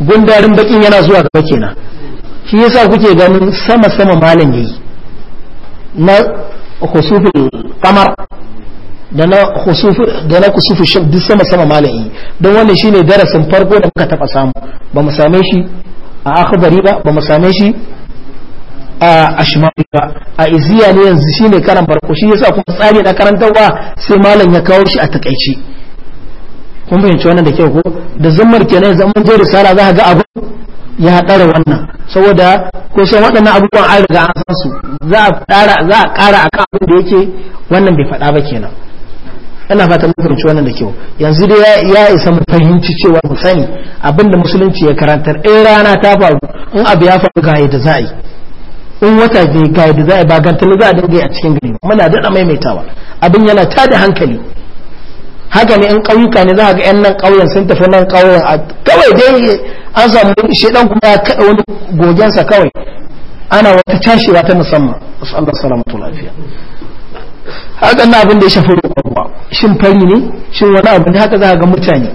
gundarin bakin yana zuwa gaba kenan shi yasa kuke ganin khusufin kamar da na kusufu shi duk sama sama malami don wannan shine darasin farko da muka taba samu ba mu same shi a akhbari ba ba mu same shi a ashmari ba a iziya ne yanzu shine karan farko shi yasa kuma tsari na karantarwa sai malam ya kawo shi a takaici kun fahimci wannan da kyau ko da zammar kenan zaman mun je risala za ka ga abu ya ɗara wannan saboda ko shi waɗannan abubuwan an riga an san su za a ƙara a kan abin da yake wannan bai faɗa ba kenan ina fata mun fahimci wannan da kyau yanzu dai ya isa mu fahimci cewa mu sani abinda musulunci ya karantar in rana ta faru in abu ya faru ga yadda za a yi in wata bai ga yadda za a yi ba gantali za a dinga a cikin gari muna daɗa maimaitawa abin yana tada hankali haka ne in ƙauyuka ne za ga 'yan nan ƙauyen sun tafi nan ƙauyen a kawai dai an samu shaidan kuma ya kaɗa wani gogensa kawai ana wata cashewa ta musamman wasu Allah salamatu lafiya haka na abin da ya shafi roƙon ruwa shin fari ne shin wani abu ne haka za ga mutane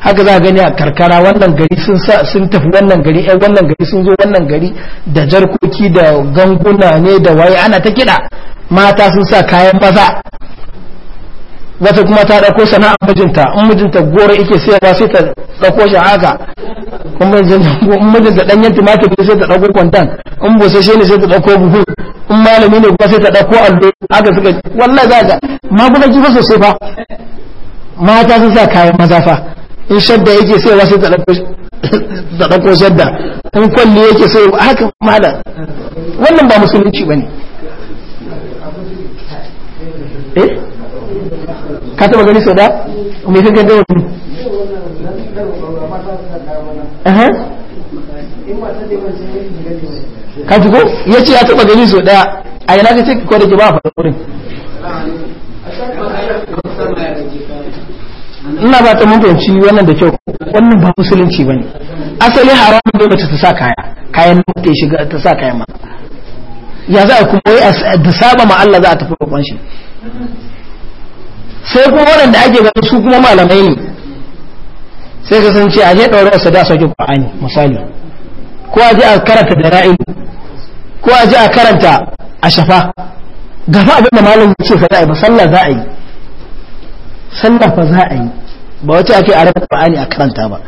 haka za gani a karkara wannan gari sun sa sun tafi wannan gari ɗan eh, wannan gari sun zo wannan gari da jarkoki da ganguna ne da waye ana ta kiɗa mata sun sa kayan maza wata kuma ta ɗauko sana'a mijinta in mijinta goro ike sayarwa sai ta ɗauko shi haka in mijinta ɗanyen tumatir ne sai ta ɗauko kwantan in busasshe ne sai ta ɗauko buhu in malami ne kuma sai ta ɗauko allo haka suka wallahi za ga maguna kifa sosai fa mata sun sa kayan maza fa in shadda yake sayarwa sai ta ɗauko shadda in kwalli yake sayarwa haka mala wannan ba musulunci ba ne eh ka taba gani sau da me kan gaggawa ne ka ji ko ya ce ya taba gani sau da a yana ka ce ko da ke ba a fara wurin ina ba ta mutunci wannan da kyau wannan ba musulunci ba ne asali haramun da mace ta sa kaya kayan ta shiga ta sa kayan ma ya za a kuma wai da saba ma Allah za a tafi babban shi sai kuma waɗanda ake ganin su kuma malamai ne sai ka san ce a je ɗaure wasu da sauƙin ƙwa'ani misali ko a je a karanta da ra'ayi ko a a karanta a shafa gafa abin da malam ce fa za a yi ba sallah za a yi sallah fa za a yi ba wace ake a raba ƙwa'ani a karanta ba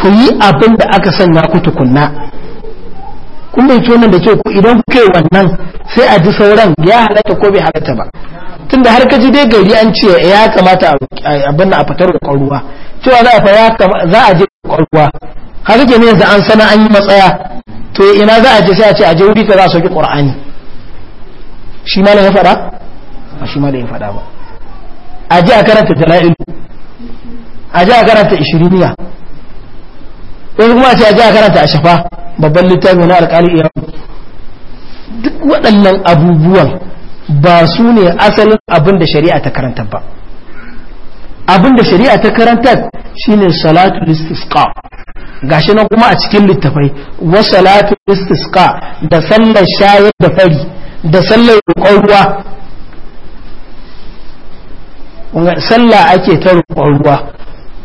ku yi abin da aka sanya ku tukunna kun bai nan da ke ku idan kuke wannan sai a ji sauran ya halatta ko bai halatta ba tunda har kaji dai gari an ce ya kamata abin na a fitar da kwaruwa cewa za a je kwaruwa haka ke ne yanzu an sana an yi matsaya to ina za a je sai a ce a je wuri ka za a soki qur'ani shi ma ya faɗa? ba shi ma da ya faɗa ba a je a karanta Jala'il. a je a karanta ishiriniya wani kuma a ce a je a karanta a shafa babban littafi na alƙali iran duk waɗannan abubuwan ba su ne asalin abin da shari'a ta karanta ba abin da shari'a ta karanta shine salatul istisqa gashi nan kuma a cikin littafai wa salatul istisqa da sallar shayar da fari da sallar roƙon ruwa Salla ake ta roƙon ruwa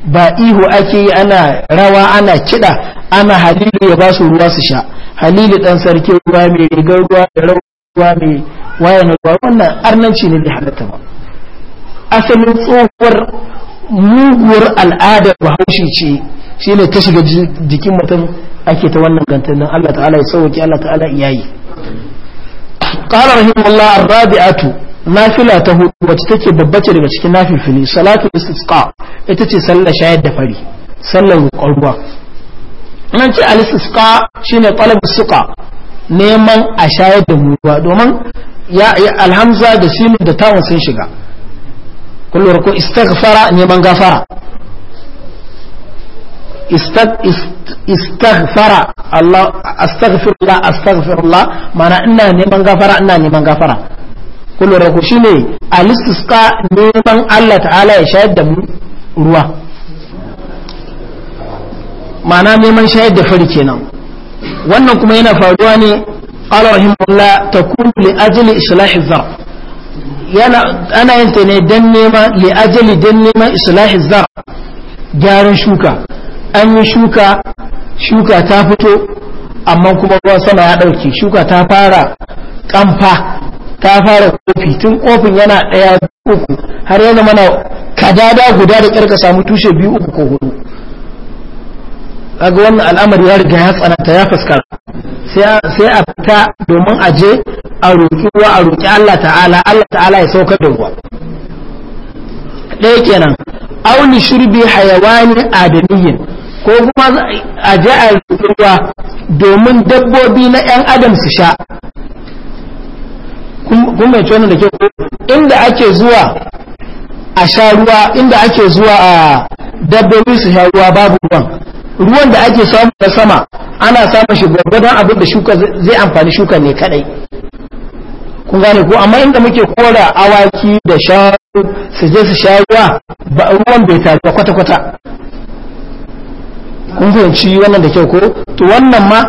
ba ihu ake yi ana rawa ana kiɗa ana halilu ya ba su ruwa su sha halilu ɗan sarki ruwa mai rigar ruwa da rawa ruwa mai waya na ruwa wannan arnanci ne da halatta ba asalin tsohuwar muguwar al'adar bahaushe ce shi ne ta shiga jikin mutum ake ta wannan gantan Allah ta'ala ya sauke Allah ta'ala iyayi qala rahimahullah ar-rabi'atu nafila ta hudu wacce take babbace daga cikin nafilfili salatu istisqa ita ce sallar shayar da fari sallar roƙon ruwa nan ce shine talab suqa neman a shayar da mu ruwa domin alhamza da sinu da tawon sun shiga kullum ko istaghfara neman gafara istaghfara Allah astaghfirullah astaghfirullah mana ina neman gafara ina neman gafara kullum ko shine alistisqa neman Allah ta'ala ya shayar da mu ruwa mana neman shayar da fari kenan wannan kuma yana faruwa ne qala rahimahullah ta li ajli islahi zar yana ana yin ta ne dan nema li ajli dan nema islahi zar gyaran shuka an yi shuka shuka ta fito amma kuma ruwan sama ya dauke shuka ta fara kamfa ta fara kofi tun kofin yana daya uku har yanzu mana kadada guda da kyar samu tushe biyu uku ko hudu kaga wannan al'amari ya riga ya tsananta ya fuskar sai a fita domin a je a roƙi wa a roƙi Allah ta'ala Allah ta'ala ya saukar da ruwa ɗaya kenan auni shurbi hayawani adamiyin ko kuma a je a roƙi ruwa domin dabbobi na 'yan adam su sha kun mai wannan da ke inda ake zuwa a sha ruwa inda ake zuwa a ah, dabbobi su sha ruwa babu ruwan ruwan da ake samu na sama ana samun shi gwargwadon abin da shuka zai amfani shuka ne kadai kun gane ko amma inda muke kora awaki da shanu su je su sha ruwa ba ruwan bai tafi kwata-kwata kun fahimci wannan da kyau ko to wannan ma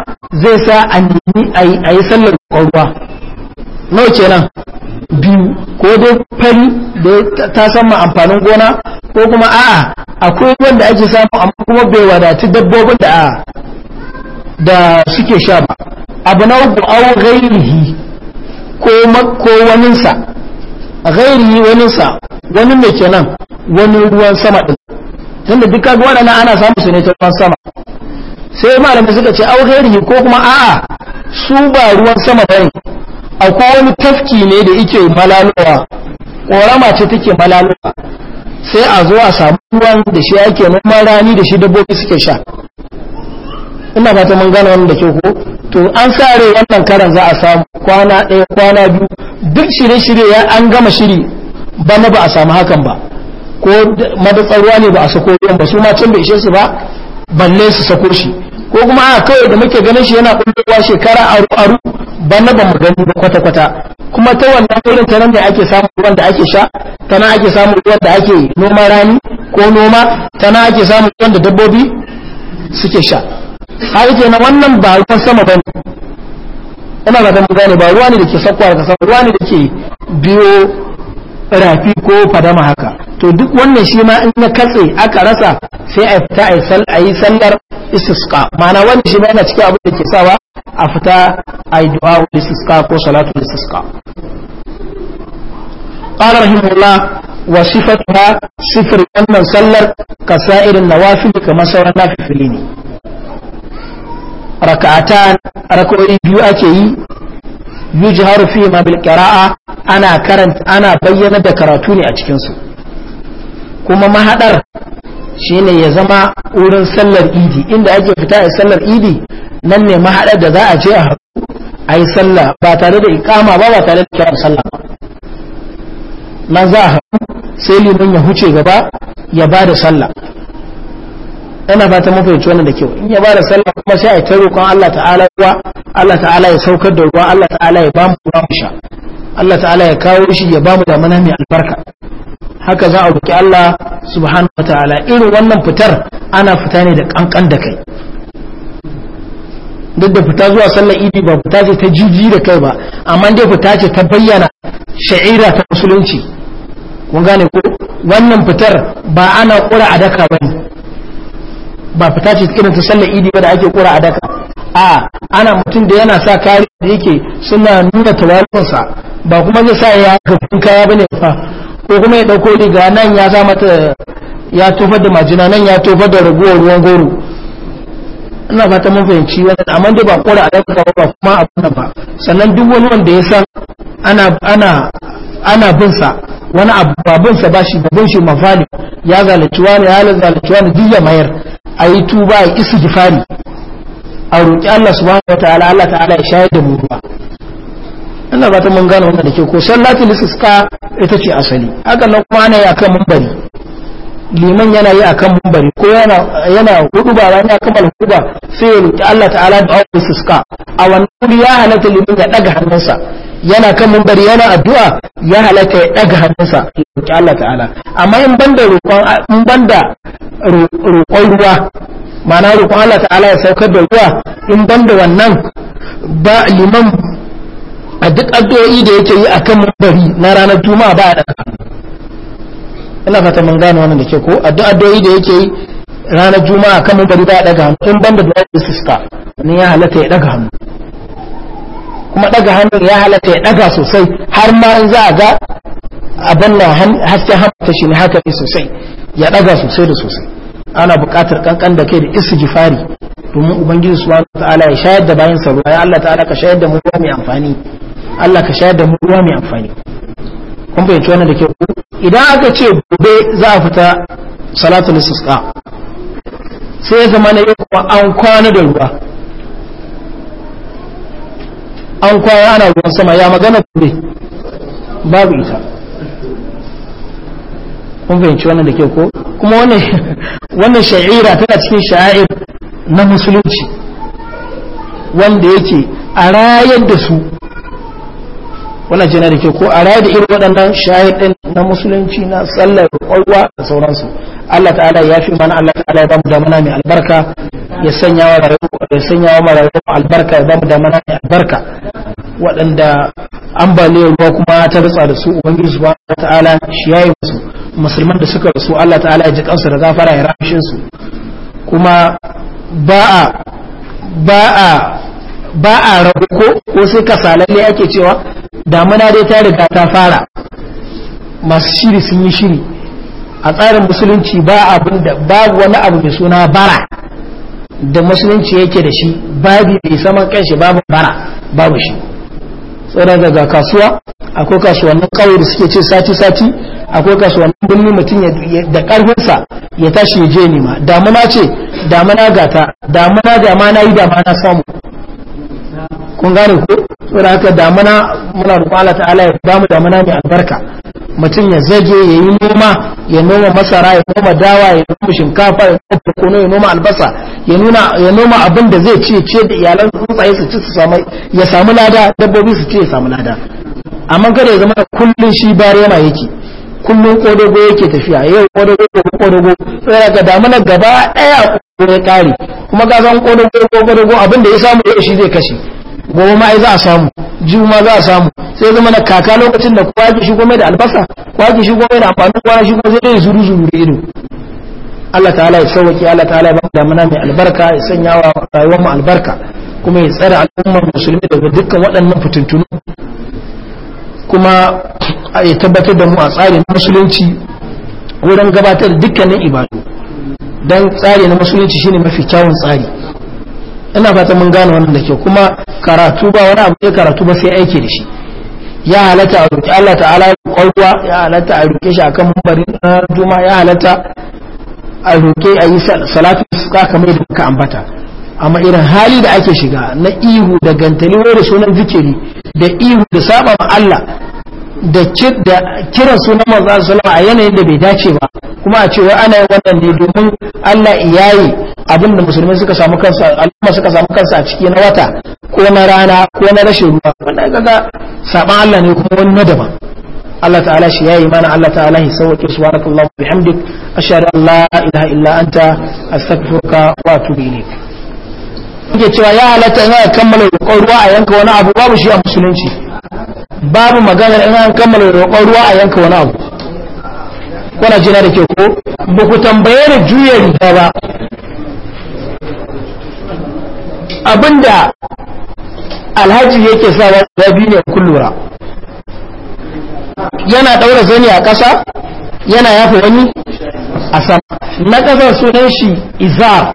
zai sa a yi sallar ruwa nawa kenan biyu ko dai fari da ta samu amfanin gona ko kuma a'a akwai wanda ake samu amma kuma bai wadatu dabbobin da da suke sha ba abu na uku aw gairihi ko ko waninsa gairihi waninsa wani mai kenan wani ruwan sama din tunda duk kaga wadannan ana samu su ne ta ruwan sama sai malamai suka ce aw gairihi ko kuma a'a su ba ruwan sama bane akwai wani tafki ne da yake malalowa ƙorama ce take malalowa sai a zo a samu ruwan da shi ake noman rani da shi dabbobi suke sha ina fata mun gane wannan da ke ko to an sare wannan karan za a samu kwana ɗaya kwana biyu duk shirye-shirye ya an gama shiri ba bana ba a samu hakan ba ko madatsarwa ne ba a sako ruwan ba su ma can bai ishe su ba balle su sako shi ko kuma a kawai da muke ganin shi yana kullewa shekara aru-aru ba na ba mu gani ba kwata-kwata kuma ta wannan irin ta nan da ake samun ruwan da ake sha ta nan ake samun ruwan da ake noma rani ko noma ta nan ake samun ruwan da dabbobi suke sha har ke na wannan ba ruwan sama ba ne ina ga ta mu gane ba ruwa ne da ke sakwa daga sama ruwa ne da ke biyo rafi ko fadama haka to duk wannan shi ma in ya katse aka rasa sai a fita a yi sallar istisqa ma'ana wani shi ma yana cikin abu da ke sawa a fita yi du'a wa istisqa ko salatu istisqa ƙarar himmula wa sifatuha sifr annan sallar kasair an ne kamar sauran fili ne raka'ata rak'ati biyu ake yi yujharu fi ma bil qira'a ana ana bayyana da karatu ne a cikin su kuma mahaɗar. shine ya zama wurin sallar idi inda ake fita a sallar idi nan ne mahaɗar da za a je a haɗu a yi sallah ba tare da ikama ba ba tare da kiran sallah ba Na za a haɗu sai liman ya huce gaba ya ba da sallah Yana fata mun fahimci wannan da kyau in ya ba da sallah kuma sai a ta roƙon Allah ta'ala ruwa Allah ta'ala ya saukar da ruwa Allah ta'ala ya bamu uwa mu sha Allah ta'ala ya kawo shi ya bamu da mana mai albarka haka za a roki Allah subhanahu wataala irin wannan fitar ana fita ne da kankan da kai duk da fita zuwa sallar idi ba fita ce ta jiji da kai ba amma dai fita ce ta bayyana sha'ira ta musulunci kun gane ko wannan fitar ba ana kura a daka ba ne ba fita ce irin ta sallar idi ba da ake kura a daka a ana mutum da yana sa kari da yake suna nuna tawalinsa ba kuma zai sa ya gafin kaya bane fa ko kuma ya ɗauko riga nan ya za mata ya tofar da majina nan ya tofar da raguwar ruwan goro ina fata mun fahimci wani amma dai ba kora a ɗauka ba kuma a kuma ba sannan duk wani wanda ya san ana ana ana bin sa wani abu ba bin sa ba shi ba bin shi mafali ya zalunci wani ya zalunci wani duk ya mayar a yi tuba a jifari a roƙi Allah subhanahu wataala Allah ta'ala ya shayar da mu ruwa ina ba ta mun gane wannan da ke ko salatul istisqa ita ce asali haka nan kuma ana yi akan mumbari liman yana yi akan mumbari ko yana yana huduba ran ya hudu ba, sai ya roki Allah ta'ala da awon istisqa a wannan ya halatta liman ya daga hannunsa yana kan mumbari yana addu'a ya halatta ya daga hannunsa ya roki Allah ta'ala amma in banda roƙon in banda roƙon ruwa ma'ana roƙon Allah ta'ala ya saukar da ruwa in banda wannan ba liman a duk addu'o'i da yake yi a kan bari na ranar juma'a ba a ɗaka ina fata mun gane wannan da ke ko a duk addu'o'i da yake yi ranar a kan mambari ba a ɗaga hannu in banda da ya sista ni ya halatta ya ɗaga hannu kuma ɗaga hannu ya halatta ya ɗaga sosai har ma in za a ga abin na hasken hamata shi ne haka ne sosai ya ɗaga sosai da sosai ana buƙatar ƙanƙan da kai da jifari domin ubangiji subhanahu ta'ala ya shayar da bayan sa ruwa ya Allah ta'ala ka shayar da mu mai amfani Allah ka shayar da mu ruwa mai amfani kun fahimci wannan da ke idan aka ce gobe za a fita salatul istisqa sai ya zama na yau an kwana da ruwa an kwana ana ruwan sama ya magana gobe babu ita kun fahimci wannan da ke ko kuma wannan wannan sha'ira tana cikin sha'ir na musulunci wanda yake a rayar da su wannan jina da ke ko a raya da irin waɗannan shahidin na musulunci na sallar ƙwarwa da sauransu Allah ta'ala ya fi mana Allah ta'ala ya bamu damana mai albarka ya sanya wa ya sanya wa albarka ya bamu damana mai albarka waɗanda ambaliyar ruwa kuma ta rutsa da su ubangiji subhanahu ta'ala shi yayi musu musulman da suka rasu Allah ta'ala ya ji kansu da gafara ya rahmishin su kuma ba a ba a ba a rago ko sai kasalalle ake cewa damuna dai ta riga ta fara masu shiri sun yi shiri a tsarin musulunci ba abin da babu wani abu mai suna bara da musulunci yake da shi babu mai saman kanshi babu bara babu shi tsoron daga kasuwa akwai kasuwannin kawai da suke ce sati-sati akwai kasuwannin birni mutum da ƙarfinsa ya tashi ya je nema damuna ce damuna gata damuna dama na yi dama na samu kun gane ko saboda haka damuna muna roƙo Allah ta'ala ya bamu damuna mai albarka mutum ya zage ya yi noma ya noma masara ya noma dawa ya noma shinkafa ya noma kokono ya noma albasa ya nuna noma abin da zai ci ce da iyalan tsuntsaye su ci su samu ya samu lada dabbobi su ci ya samu lada amma kada ya zama da kullun shi barema yake kullun kodogo yake tafiya yau kodogo gobe kodogo sai haka damuna gaba ɗaya. ya kare kuma ga zan kodo kodo abin da ya samu ya shi zai kashe gobe ma ai za a samu jiwu ma za a samu sai zama na kaka lokacin da kowa ki shigo mai da albasa kowa ki shigo mai da amfanin gona shigo zai dai zuru zuru da ido Allah ta'ala ya sauke Allah ta'ala ba da mana mai albarka ya sanya wa rayuwar mu albarka kuma ya tsare al'ummar musulmi daga dukkan waɗannan fitintunu kuma ya tabbatar da mu a tsarin musulunci wurin gabatar dukkanin ibadu dan tsari na musulunci shine mafi kyawun tsari ina fata mun gane wannan da kyau kuma karatu ba wani abu ne karatu ba sai aiki da shi ya halatta a Allah ta'ala kwalwa ya halatta a shi akan na juma ya halatta a ayi a yi salatu suka kamar da ka ambata amma irin hali da ake shiga na ihu da gantali da sunan zikiri da ihu da saba ma Allah da kiran sunan manzo sallallahu a yanayin da bai dace ba kuma a cewa ana yin wannan ne domin Allah iyaye abin da musulmai suka samu kansa al'umma suka samu kansa a ciki na wata ko na rana ko na rashin ruwa wannan kaga saban Allah ne kuma wani nadaba Allah ta'ala shi yayi mana Allah ta'ala hi sauke subhanakallahu bihamdik ashhadu an la ilaha illa anta astaghfiruka wa atubu ilayk yake cewa ya halatta ina kammala roƙon ruwa a yanka wani abu babu shi a musulunci babu magana in an kammala roƙon ruwa a yanka wani abu kuna jina da ke ko ba ku tambaye da juya riga ba abinda alhaji yake sa wa biyu ne kun lura yana ɗaura zani a ƙasa yana yafa wani a sama na ƙasar sunan shi izar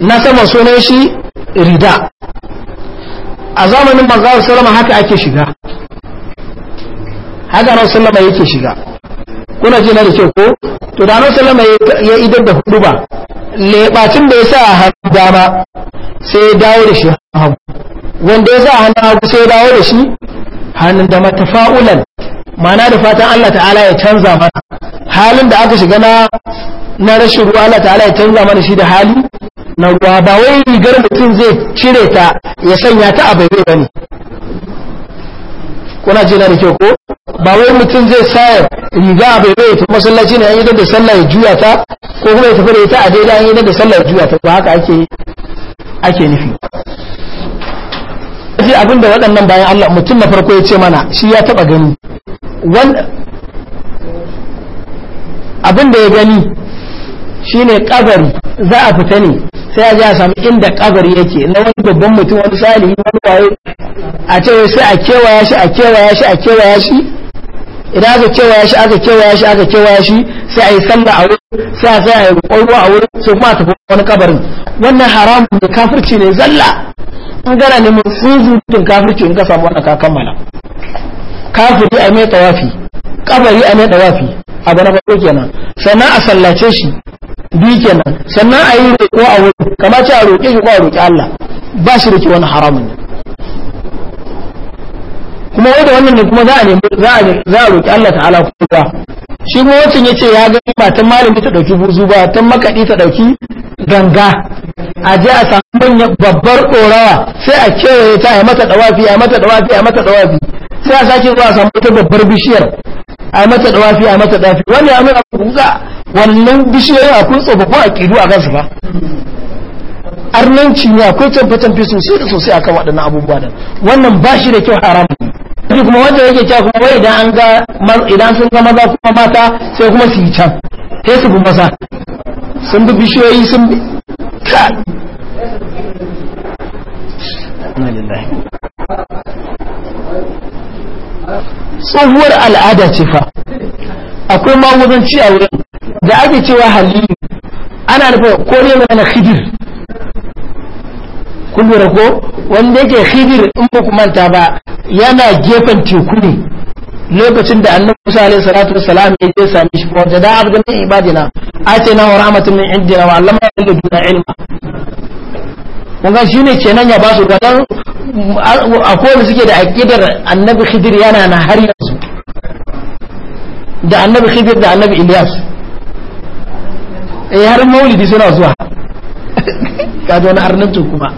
na sama sunan shi rida a zamanin manzo sallama haka ake shiga haka ran sallama yake shiga kuna ji na da kyau ko to da ran sallama ya idar da hudu ba lebacin da ya sa hannu dama sai ya dawo da shi hagu wanda ya sa a hannu hagu sai ya dawo da shi hannun da matafa'ulan ma'ana da fatan Allah ta'ala ya canza mana halin da aka shiga na rashin ruwa Allah ta'ala ya canza mana shi da hali na ruwa ba wai rigar mutum zai cire ta ya sanya ta a bai ba ne kuna ji na da kyau ko ba wai mutum zai sa riga a bayyane bai ta masallaci ne an yi da sallah ya juya ta ko kuma ya tafi da ita a daidai an yi da sallah ya juya ta ba haka ake ake nufi shi abin da waɗannan bayan Allah mutum na farko ya ce mana shi ya taɓa gani abin da ya gani shine kabari za a fita ne sai a ji a samu inda kabari yake na wani babban mutum wani salihi wani waye a ce sai a kewaya shi a kewaya shi a kewaya shi idan aka kewaya shi aka kewaya shi aka kewaya shi sai a yi sallah a wurin sai a sai a yi ruwa a wurin sai kuma a tafi wani kabarin wannan haramun da kafirci ne zalla in gara ne mun zuzutun kafirci in ka samu wannan ka kammala kafiri a mai tawafi kabari a mai tawafi abu na farko kenan sannan a sallace shi biyu kenan sannan a yi roƙo a wuri kamar ce a roƙe shi ko a roƙe Allah ba shi da wani haramun kuma wanda wannan ne kuma za a nemi za a roƙi Allah ta'ala kowa shi kuma wancan ya ce ya ga matan malami ta ɗauki buzu ba tun makaɗi ta ɗauki ganga a je a samu manyan babbar ɗorawa sai a kewaye ta a mata ɗawafi a mata ɗawafi a mata ɗawafi sai a sake zuwa a samu wata babbar bishiyar a mata dawafi a mata dafi wani ya abu za wannan bishiyoyi a tsofaffin aƙidu a gasu ba arnanci ne akwai canfe-canfe sosai da sosai akan waɗannan abubuwa da wannan ba shi da kyau haram ne kuma wanda yake cewa kuma wai idan an ga idan sun ga maza kuma mata sai kuma su yi can sai su bi maza sun bi bishiyoyi sun bi ka tsohuwar al'ada ce fa akwai maguzanci a wurin da ake cewa halilu ana nufin ko ne mana khidir kun ko wanda yake hidir in ba ku manta ba yana gefen teku ne lokacin da annabi Musa alaihi salatu wassalam ya je sami shi wanda da abdu min ibadina na wa rahmatun min indina wa yake yaduna ilma kun ga ne kenan ya ba su kadan a wanda suke da aƙidar annabi khidir yana na har yanzu da annabi khidir da annabi ilyas eh har maulidi suna zuwa zo wani arnabtu kuma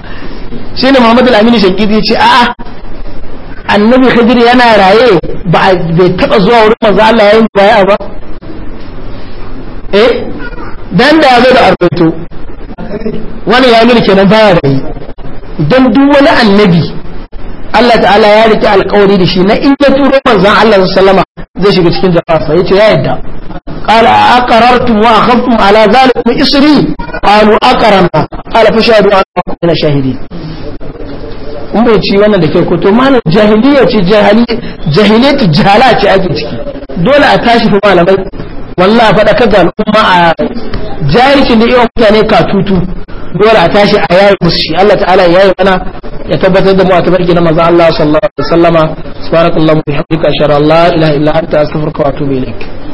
shi ne muhammadu al amini shankidi ya ce a annabi khidir yana raye ba bai taba zuwa wurin manzo Allah yayin baya ba eh dan da ya zo da arnabtu wani ya nuna kenan baya da yi don duk wani annabi Allah ta'ala ya rike alkawari da shi na in turo manzon Allah sallama zai shiga cikin jama'a yace ya yadda qala aqarartum wa akhadtum ala zalikum isri qalu aqarna qala fashhadu an kunna shahidin in bai ci wannan da kyau ko to malam jahiliya ce jahiliya jahiliya ce ake ciki dole a tashi fa malamai wallahi faɗa ka ga al'umma a jahilcin da yawan mutane ka tutu dole a tashi a yayi musu shi Allah ta'ala ya yayi mana ya tabbatar da mu a tabarki na manzo Allah sallallahu alaihi wasallama subhanakallahumma bihamdika ashhadu an la ilaha illa anta astaghfiruka wa atubu ilaik